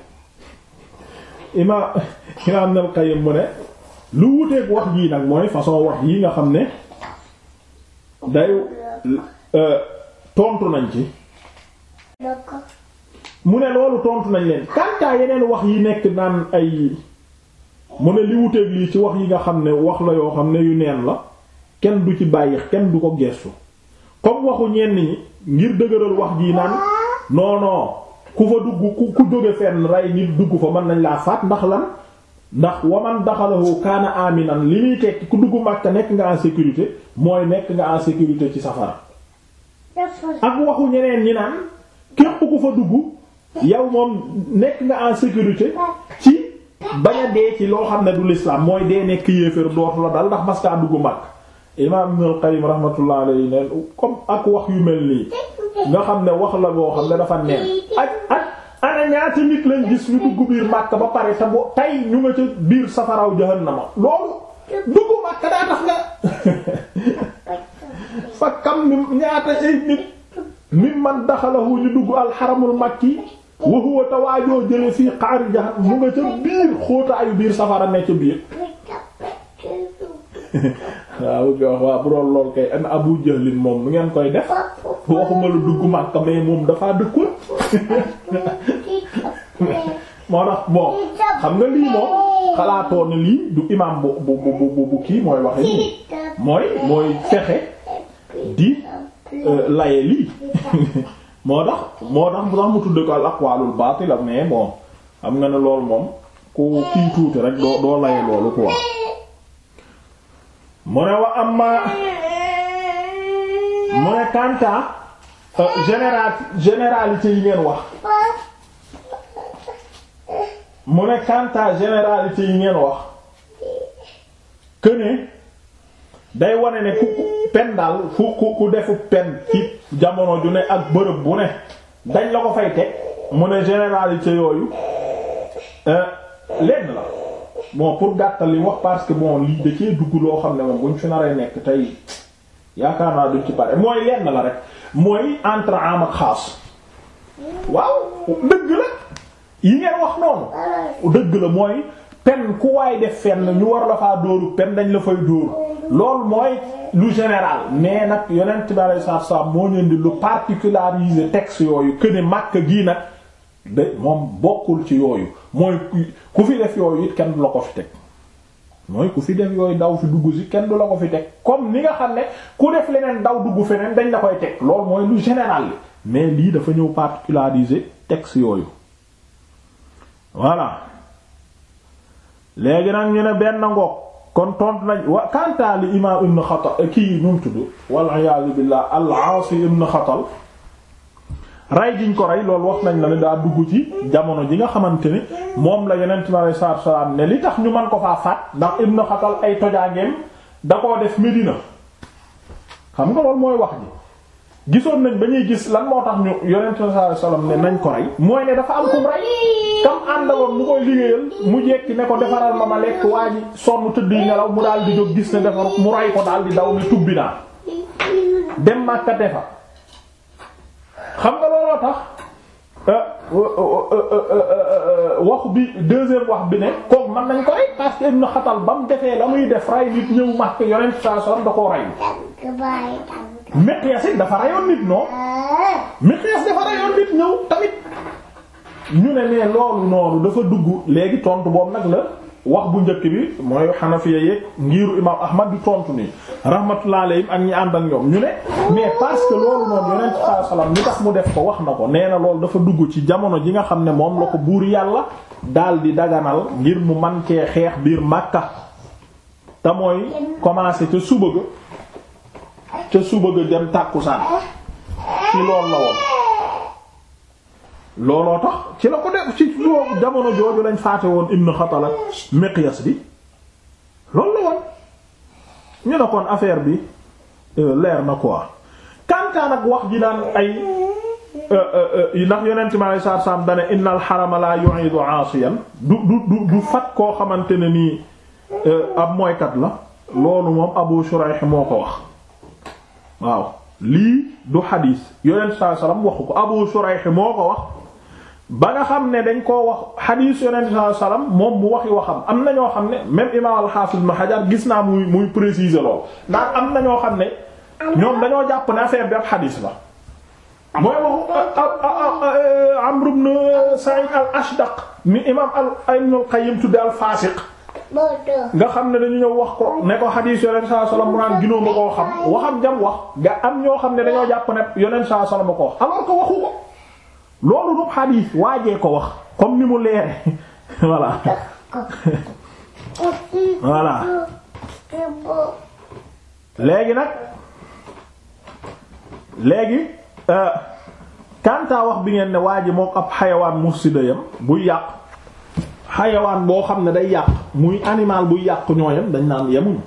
Speaker 1: imaam imaam Ibnul Qayyim mu ne lu wuteeg wax jii nag mooy façon wax yi nga xam ne day euh, tontu nañ ci mu ne loolu tontu nañ leen kantaa yeneen wax yi nekk naan ay mu ne li wuteeg lii ci wax yi nga xam ne wax la yoo xam ne yu neen la kenn du ci bàyyi kenn du ko gestu comme waxu ñenn ñi ngir dëgëral wax jii naan noonoo ku fa dugg ku ku jóge fenn rey nit dugg fa mën nañ laa faat ndax lan ndax waman daxalahu kaana aminan li muy tekki ku dugg Makka nekk nga en sécurité mooy nekk nga en sécurité ci safara ak waxu ñeneen ñi naan képp ku fa dugg yow moom nekk nga en sécurité ci bañ a dee ci loo xam ne du l'islam mooy dee nekk yéeféer dootu la dal ndax mas duggu dugg imaam Ibnul Qayyim rahmatullah alayhi ne comme ak wax yu mel nii nga xam ne wax la boo xam ne dafa neen ak ak ana ñaata nit lañ gis ñu dugg biir Makka ba pare te bo ñu nga ca biir safaraaw jahannama loolu dugg Makka daa [laughs] man daxalahu ñu dugg alxaramul makki wa huwa te waajoo jële fii xaari jahannam biir biir safara ne ca biir waaw bu doon lool kay an Abu Jahl moom nu ngeen koy def waxuma lu dugg Makka mais moom dafaa dëkkul [laughs] moo tax bon xam nga lii moom xalaatoo ne lii du imam bu bu bu bu kii mooy waxe nii
Speaker 2: mooy mooy
Speaker 1: fexe di euh, laye lii [laughs] moo tax moo tax mu tax mu tudd ko al aqwalul baatila mais bon xam nga ne loolu moom ku kii tuuti rek doo doo laye loolu quoi. mu ne wa amma mu ne kanta euh, général généralité yi ngeen wax mu ne kanta généralité yi ngeen wax que ne day wane ne ku pen daal fu ku ku defu pen ci jamono ju ne ak bërëb bu ne dañ la ko fay teg mu ne généralité yooyu euh, lenn la bon pour gàttal li wax parce que bon lii da cee dugg loo xam ne moom buñ fi naree nekk tey yaakaar naa duñ ci pare mooy lenn la rek mooy entre am ak xaas waaw dëgg la yi ngeen wax noonu dëgg la mooy pen ku waay def fenn ñu war la faa dóoru pen dañ la fay dóor loolu mooy lu général mais nag yonent bi alei satu salaam moo leen di lu particulariser texte yooyu que ne Makka gii nag de moom bokkul ci yooyu mooy ku fi def yooyu it kenn du la ko fi teg mooy ku fi def yooyu daw fi dugg si kenn du la ko fi teg comme ni nga xam ne ku def leneen daw dugg feneen dañ la koy teg loolu mooy lu général li mais lii dafa ñëw particularisé si yooyu voilà léegi nag ñu ne benn ngoog kon tontu nañ wa kantaali imam ibn xatal kii ñu tudd wal iyaazu billah al aasi ibn xatal ray giñ ko rey loolu wax nañ la ne daa dugg ci jamono ji nga xamante ni moom la yeneen mi alei salaam ne li tax ñu man ko faa faat ndax ibnu xatal ay tojaangeem da koo def Medina xam nga loolu mooy wax ji gisoon nañ ba ñuy gis lan moo tax ñu yonent sallallahu alayhi wasallam ne nañ ko rey mooy ne dafa am kum rey kam àndaloon mu koy liggéeyal mu jekki ne ko defaral ma ma lekk waa ji sonn tëdd yi ngelaw mu daal di jóg gis ne defaru mu rey ko daal di daw ne tubbi naa dem xam nga looloo tax euh, euh, euh, wax bi deuxième wax bi ne kooku mën nañ ko rey parce que Xatal ba mu defee la muy def rey nit ñëw Makka yonent saa soxna da koo rey. Miqyas it dafa reyoon nit non
Speaker 2: Miqyas dafa reyoon nit
Speaker 1: ñëw tamit ñu ne ne loolu noonu dafa dugg léegi tontu boobu nag la. wax bu njëkk bi mooy xanafiya yeeg ngiiru imam ahmad di tontu nii rahmatullah ak ñi ànd ak ñoom ñu ne mais parce que loolu noonu yonent sallallahu alayhi wasallam li tax mu def ko wax na ko nee na loolu dafa dugg ci jamono ji nga xam ne moom la ko buur yàlla daal di daganal ngir mu man cee xeex biir màkka te mooy commencé ca suba ga ca suba ga dem tàkkusaan ci loolu la woon looloo tax ci la ko def ci jamono jooju lañ faate woon Ibn Xatala Miqyas bi loolu la woon ñu ne kon affaire bi euh, leer na quoi kantaan ak wax ji daan ay euh, euh, ndax yonent mi alayhi salaatu salaam dane innal harama la yu'idu 'asiyan du du du fat koo xamante ne nii ab mooykat la loolu moom Abu Shurayh moo ko wax waaw lii du xadiis yonent salaam waxu ko Abu Shurayh moo ko wax ba nga xam ne dañ koo wax xadiis yonent sallallahu alayhi wasallam moom mu waxi waxam am na ñoo xam ne même imaam al-Hafiz Ibn Hajar gis naa muy muy préciser lool ndax am na ñoo xam ne ñoom dañoo jàpp ne affaire bi ab xadiis la mooy waxu Amr ibn al mi imaam Ibn al-Qayyim tudde al-Fasiq nga xam ne dañu ñëw wax ko ne ko xadiis yonent sallallahu mu naan ginóoma koo xam waxam jam wax nga am ñoo xam ne dañoo jàpp ne yoneen sallallahu alayhi wasallam ko wax alors que waxu ko loolu du xadiis waajee ko wax comme ni mu leere [laughs] voilà voilà léegi nag léegi euh, kantaa wax bi ngeen ne waaji mook ab xayawaan mufsida yam buy yàq xayawaan boo xam ne day yàq muy animal buy yàq ñooyam dañ naan yemuñu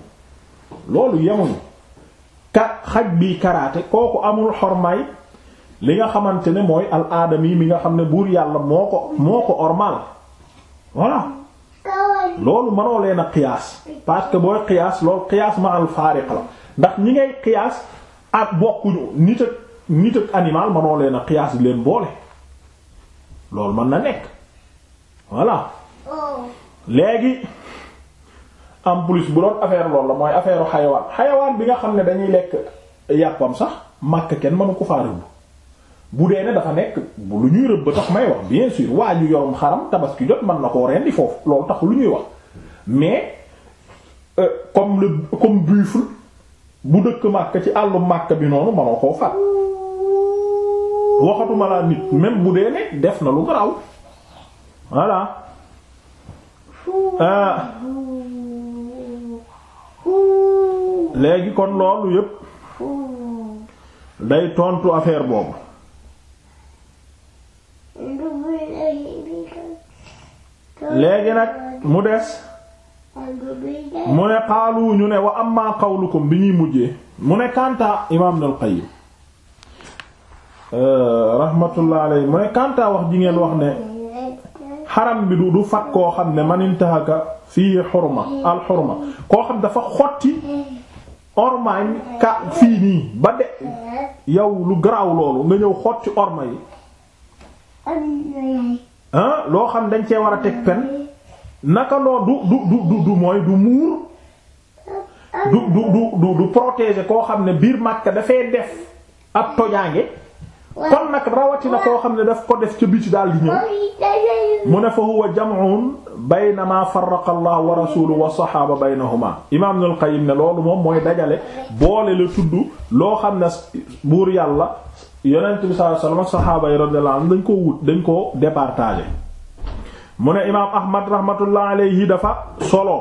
Speaker 1: loolu yemuñu ka xaj bi karaate kooku amul xormaay li nga xamante ne mooy al aadami mi nga xam ne buur yàlla moo ko moo ko ormal voilà loolu mënoo leen a qiyaas parce que booy qiyaas loolu qiyaas ma al faariq la ndax ñi ngay qiyaas ak bokkuñu nit ak nit ak animal mënoo leen qiyaas leen boole loolu mën na nekk voilà léegi en plus bu doon affaire loolu la mooy affaire xayawaan xayawaan bi nga xam ne dañuy lekk yàppam sax màkk kenn mënu ko faa rëbb bu dee ne dafa nekk lu ñuy rëbb tax may wax bien sûr waa ñu yorum xaram tabaski jot man na koo rendi foofu loolu tax lu ñuy wax mais euh, comme le comme buffle bu dëkk màkk ci àllu màkk bi noonu manoo koo faat waxatuma laa nit même bu dee ne def na lu garaw voilà ah. léegi kon loolu yëpp day tontu affaire boobu léegi nag mu des mu ne xaalu ñu ne am amma qawlukum bi ñuy mujjee mu ne Kanta imaam Ibnul Qayyim euh, rahmatullah alayhi mu ne Kanta wax ji ngeen wax ne xaram bi du du koo xam ne man intahaka fii xurma al koo xam dafa xotti ormaañ ka fii nii ba de yow lu garaaw loolu nga ñëw xotti orma loo xam dañ cee war a teg pen naka loo du du mooy du muur du du koo xam ne biir Makka dafay def ab tojaange kon nag rawatina koo xam ne daf ko def ca biti daal di ñëw mu ne fa huwa jam'un bayna ma farraqa Allah wa rasuluhu wa saxaaba baynahuma imaam Ibnul Qayyim ne loolu moom mooy dajale boole la tudd loo xam ne buur yàlla yonent bi sallallahu alayhi wasallam saxaaba yi radiyallahu anhum dañ ko wut dañ koo départagé mu ne imaam ahmad rahmatullah alayhi dafa solo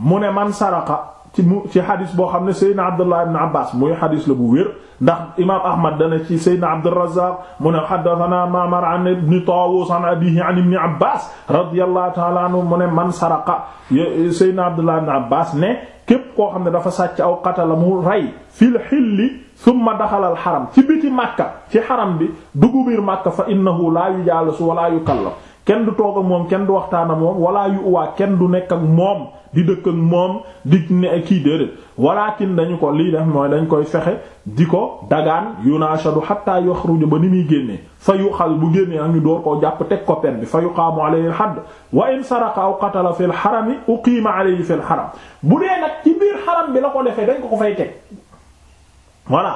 Speaker 1: mu ne man saraqa ci mu ci xadis boo xam ne Seydina Abdullah ibn Abbas muy xadis la bu wér ndax imaam Ahmad dana ci Seydina Abdurrazzaq mu ne haddathana Ma'mar an ibn Tawus an abihi an ibn Abbas radiyallahu ta'ala anhu mu ne man saraqa Seydina Abdullah ibn Abbas ne képp koo xam ne dafa sàcc aw qatala mu rey fil xilli summa daxalal xaram ci biti Makka ci xaram bi dugg biir Makka fa innahu la yujaalisu wa la yukallaf kenn du toog moom kenn du waxtaan ak moom wala yu waa kenn du nekk ak moom di dëkk ak moom di ne kii déedéet walaakin dañu ko lii def mooy dañ koy fexe di ko dagaan yunaashadu hatta yuxruju ba ni muy génnee fa yu xal bu génnee ak ñu door koo jàpp teg ko bi fa yuqaamu alayhi hadd wa in saraka aw qatala fil harami uqiima yi fil haram bu dee nag ci biir haram bi la ko defee dañ ko ko fay teg voilà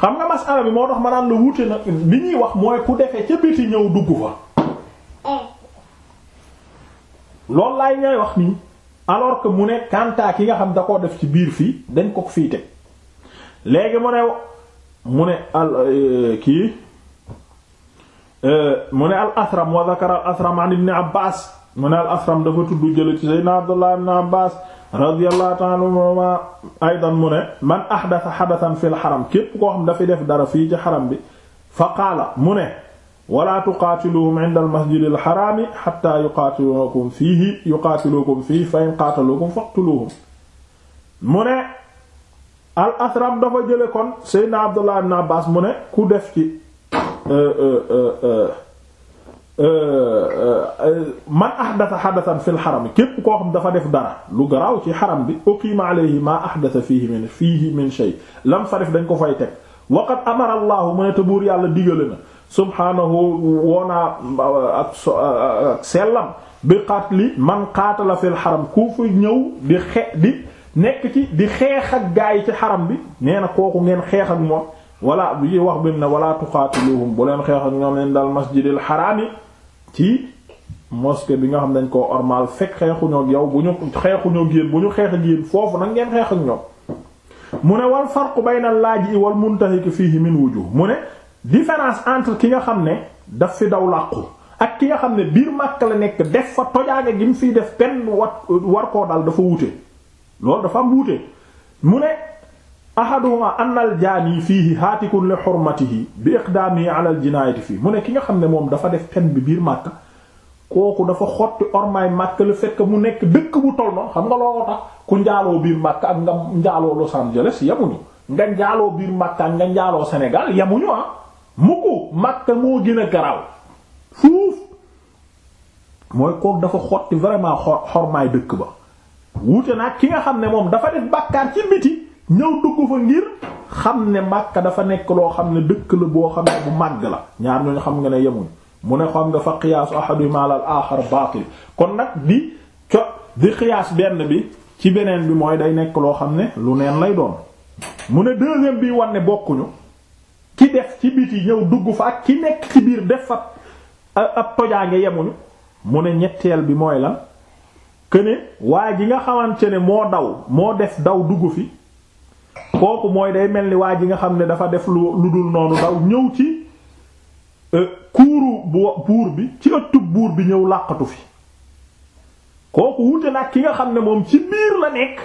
Speaker 1: xam nga masala bi moo tax ma naan la wuute na li ñuy wax mooy ku defee ca biti ñëw dugg fa loolu laay ñooy wax nii alors que mu ne kantaa ki nga xam da koo def ci biir fii dañ ko fii teg léegi mu ne mu ne al euh, kii euh, mu ne al asram wa zakara al asram an ibn abbas mu dafa tudd jële ci seydna abdullah ibn abbas radiyallahu ta'ala anhuma aydan mu ne man ahdatha hadathan fil haram képp koo xam dafay def dara fii ci xaram bi fa qaala mu ne wala tuqaatiluhum inda almasjidi alxaraami xatta yuqaatilukum fiihi yuqaatilukum fiihi fa in qaatalukum faqtuluhum mu ne al asram dafa jële kon seydna abdullah ibn abbas mu ne ku def ci euh, euh, euh, man ahdata xadatan fi lxarami képp koo xam dafa def dara lu garaaw ci xaram bi uqiima alayhi maa ahdata fiihi min fiihi min shay lam fa def dañ ko fay teg waqad amara allahu mu ne te buur yàlla digale na subhaanahu woonaa uh, ak uh, uh, ak sellam bi li man qaatala xaram ku fi ñëw di xe di nekk ci di xeex ak gaa yi ci xaram bi nee na kooku ngeen xeex ak moom wala bu ci wax bi na wala tuqaatiluhum bu leen xeex ak ñoom leen dal masjidil xaraami ci mosquée bi nga xam dañ ko ormal fekk xeexuñoo ak yow bu ñu xeexuñoo ak bu ñu xeex ak yéen foofu nag ngeen xeex ak ñoom mu ne wal farqu bayna al laaji wal muntahiki fiihi min wujuh mu ne différence entre ki nga xam ne daf fi daw làqu ak ki nga xam ne biir Makka la nekk def fa tojaange gi mu fiy def benn wat war koo dal dafa wuute loolu dafa am wuute mu ne ahaduhuma anna al jaani fiihi haatikun li yi bi iqdaamihi ala al jinaayati fii mu ne ki nga xam ne moom dafa def pen bi biir Makka kooku dafa xotti ormaay Makka lu fekk mu nekk dëkk bu toll noonu xam nga looloo tax ku njaaloo biir màkk ak nga njaaloo Los Angeles yamuñu nga njaaloo biir Makka nga njaaloo Sénégal yamuñu ah mukku Makka moo gën a garaaw fuuf mooy kook dafa xotti vraiment xormaay dëkk ba wuute nag ki nga xam ne moom dafa def bàkkaar ci xam ne Makka dafa nekk loo xam ne dëkk la boo xam ne bu màgg la ñaar ñooñu xam nga ne yemuñ mu ne xam nga fa qiyaasu ahaduma al aaxar baatil kon nag di co di qiyaas benn bi ci beneen bi mooy day nekk loo xam ne lu neen lay doon mu ne deuxième bi wan bokkuñu ki def ci biti ñëw dugg fa ak ki nekk ci biir def fa ab tojaange yemuñu mu ne ñetteel bi mooy lan këne waa ji nga xamante ne moo daw moo def daw dugg fi kooku mooy day mel ni waa ji nga xam ne dafa def lu dul noonu daw ñëw ci euh, kuuru buur bi ci ëttub buur bi ñëw làqatu fi kooku wute nag ki nga xam ne moom ci biir la nekk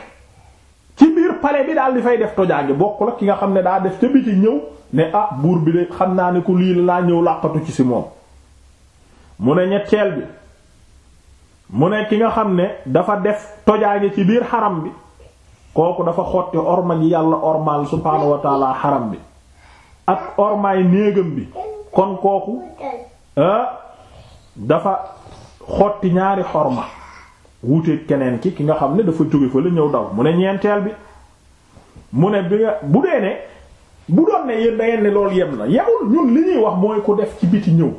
Speaker 1: ci biir pale bi daal di fay def tojaange bokk ak ki nga xam ne daa def ca biti ñëw ne ah buur bi de xam naa ne ku lii laa ñëw làqatu ci si moom mu ne ñetteel bi mu ne ki nga xam ne dafa def tojaange ci biir xaram bi kooku dafa xotti orma ji yàlla ormal subhaanahu wa xaram bi ak ormaay néegam bi kon kooku ah, dafa xotti ñaari xorma wuute keneen ki ki nga xam ne dafa jóge fa la ñëw daw mu ne ñeenteel bi mu ne bi nga bu dee ne bu doon ne yéen da ngeen ne loolu yem na yemul ñun li ñuy wax mooy ku def ci biti ñëw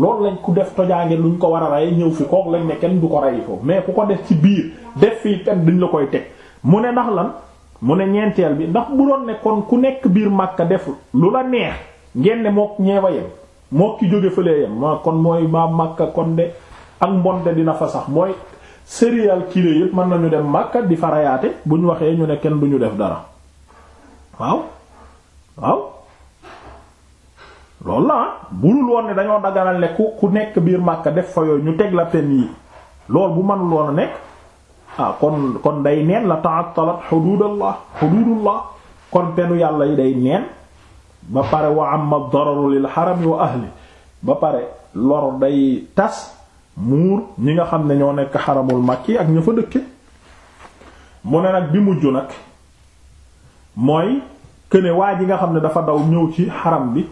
Speaker 1: loolu lañ ku def tojaange luñ ko war a rey ñëw fi kook lañ ne kenn du ko rey foofu mais ko def ci biir def fii kenn duñ la koy teg mu ne ndax lan mu ne ñeenteel bi ndax bu doon ne kon ku nekk biir Makka def lu la neex ngeen mook ñeewa yem mook ki jóge fële kon mooy maam Makka kon de ak mbonte dina fa sax mooy sériyal killer yëpp mën nañu dem Makka di fa rayaate bu ñu waxee ñu ne kenn du ñu def dara waaw. waaw loolu la ah budul woon ne dañoo daganal ne ku ku nekk biir màkka def fa yooyu ñu teg la pen yi loolu bu mënul woon a nekk ah, kon kon day neen la ta'attalat hududullah hududullah kon penu yàlla yi day neen ba pare wa amma dararu lil harami wa ahli ba pare lor day tas muur ñi nga xam ne ñoo nekk xaramul makki ak ña fa dëkke mu ne nag bi mujj nag mooy këne waa ji nga xam ne dafa daw ñëw ci xaram bi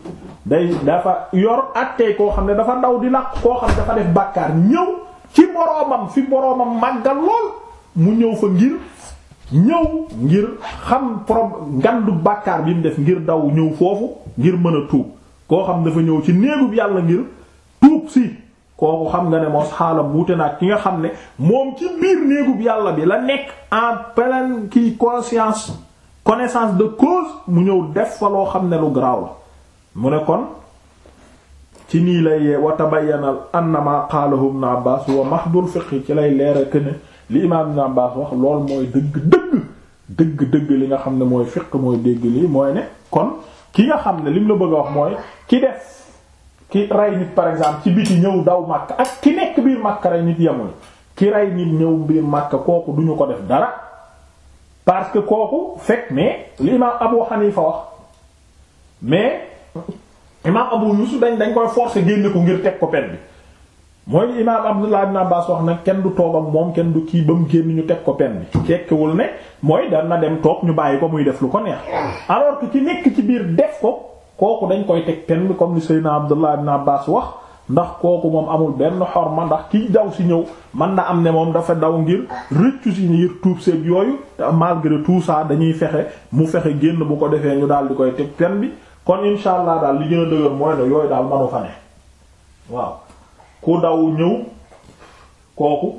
Speaker 1: day dafa yor àttee koo xam ne dafa daw di làq koo xam ne dafa def bàkkaar ñëw ci boroomam fi boroomam màggal lool mu ñëw fa ngir ñëw ngir xam problème ngandu bàkkaar bi def ngir daw ñëw foofu ngir mën a tuub koo xam dafa ñëw ci néegub yàlla ngir tuub si kooku xam nga ne moos xaalam wuute naag ki nga xam ne moom ci biir néegub yàlla bi la nekk en pleine kii conscience connaissance de cause mu ñëw def fa loo xam ne lu garaaw la mu ne kon ci nii lay yee wa tabayyana annama qaalahu ibn abbas wa mahdul fiqh ci lay leera këne li imaam ibn wax lool mooy dëgg-dëgg dëgg-dëgg li nga xam ne mooy fiq mooy dégg lii mooy ne kon ki nga xam ne lim la bëgg a wax mooy ki def ki rey nit par exemple ci biti ñëw daw màkk ak ki nekk biir màkk rey nit yemul ki rey nit ñëw biir màkk kooku duñu ko def dara parce que kooku fekk mais li imaam Abu Hanifa wax mais imaam Abu Yusuf dañ dañ koy forcer génne ko ngir teg ko pen bi mooy li imaam Abdullah ibn Abbas wax nag kenn du toog ak moom kenn du kii ba mu génn ñu teg ko pen bi tekkiwul ne mooy dana dem toog ñu bàyyi ko muy def lu ko neex alors ki ci nekk ci biir def ko kooku dañ koy teg pen bi comme ni Seydina Abdullah ibn Abbas wax ndax kooku moom amul benn xorma ndax kiy daw si ñëw man na am ne moom dafa daw ngir rëccu si ngir tuub seeg yooyu malgré tout ça dañuy fexe mu fexe génn bu ko defee ñu daal di koy teg pen bi kon insha allah daal li gën a dëgër mooy ne yooyu daal manu fa ne waaw ku daw ñëw kooku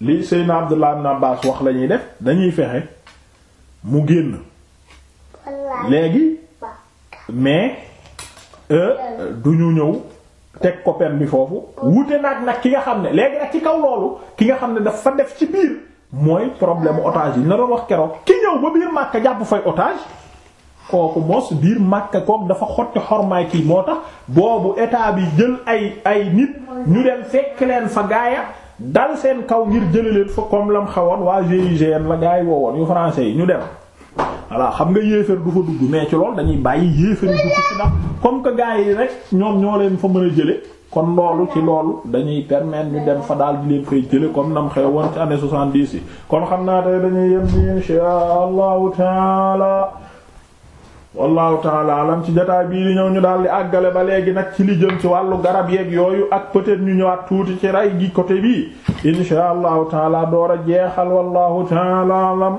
Speaker 1: li Seydina Abdullah ibn Abbas wax lañuy def dañuy fexe mu génn léegi mais euh, du ñu ñëw teg ko pen bi foofu wute naag nag ki nga xam ne léegi nag ci kaw loolu ki nga xam ne dafa def ci biir mooy problème otage yi na doon wax keroog ki ñëw ba biir màkk jàpp fay otage kooku mos biir Makka kooku dafa xotti xormaay kii moo tax boobu état bi jël ay ay nit ñu dem fekk leen fa gaaya dal seen kaw ngir jëli leen fa comme lam xawoon waa GIGN la gaay woowoon yu français yi ñu dem voilà xam nga yéefar du fa dugg mais ci lool dañuy bàyyi yéefar yi dugg ci ndax comme que gars yi rek ñoom ñoo leen fa mën a jële kon loolu ci loolu dañuy permettre ñu dem fa daal di leen fay jële comme nam xew woon ci année soixante-dix yi kon xam naa tey dañuy yem ni insha allahu taala wallahu taala alam ci jotaay bii di ñëw ñu daal di àggale ba léegi nag ci li jëm ci wàllu garab yeeg yooyu ak peut-être ñu ñëwaat tuuti ci ray gi côté bii insha allahu taala door a jeexal wallahu taala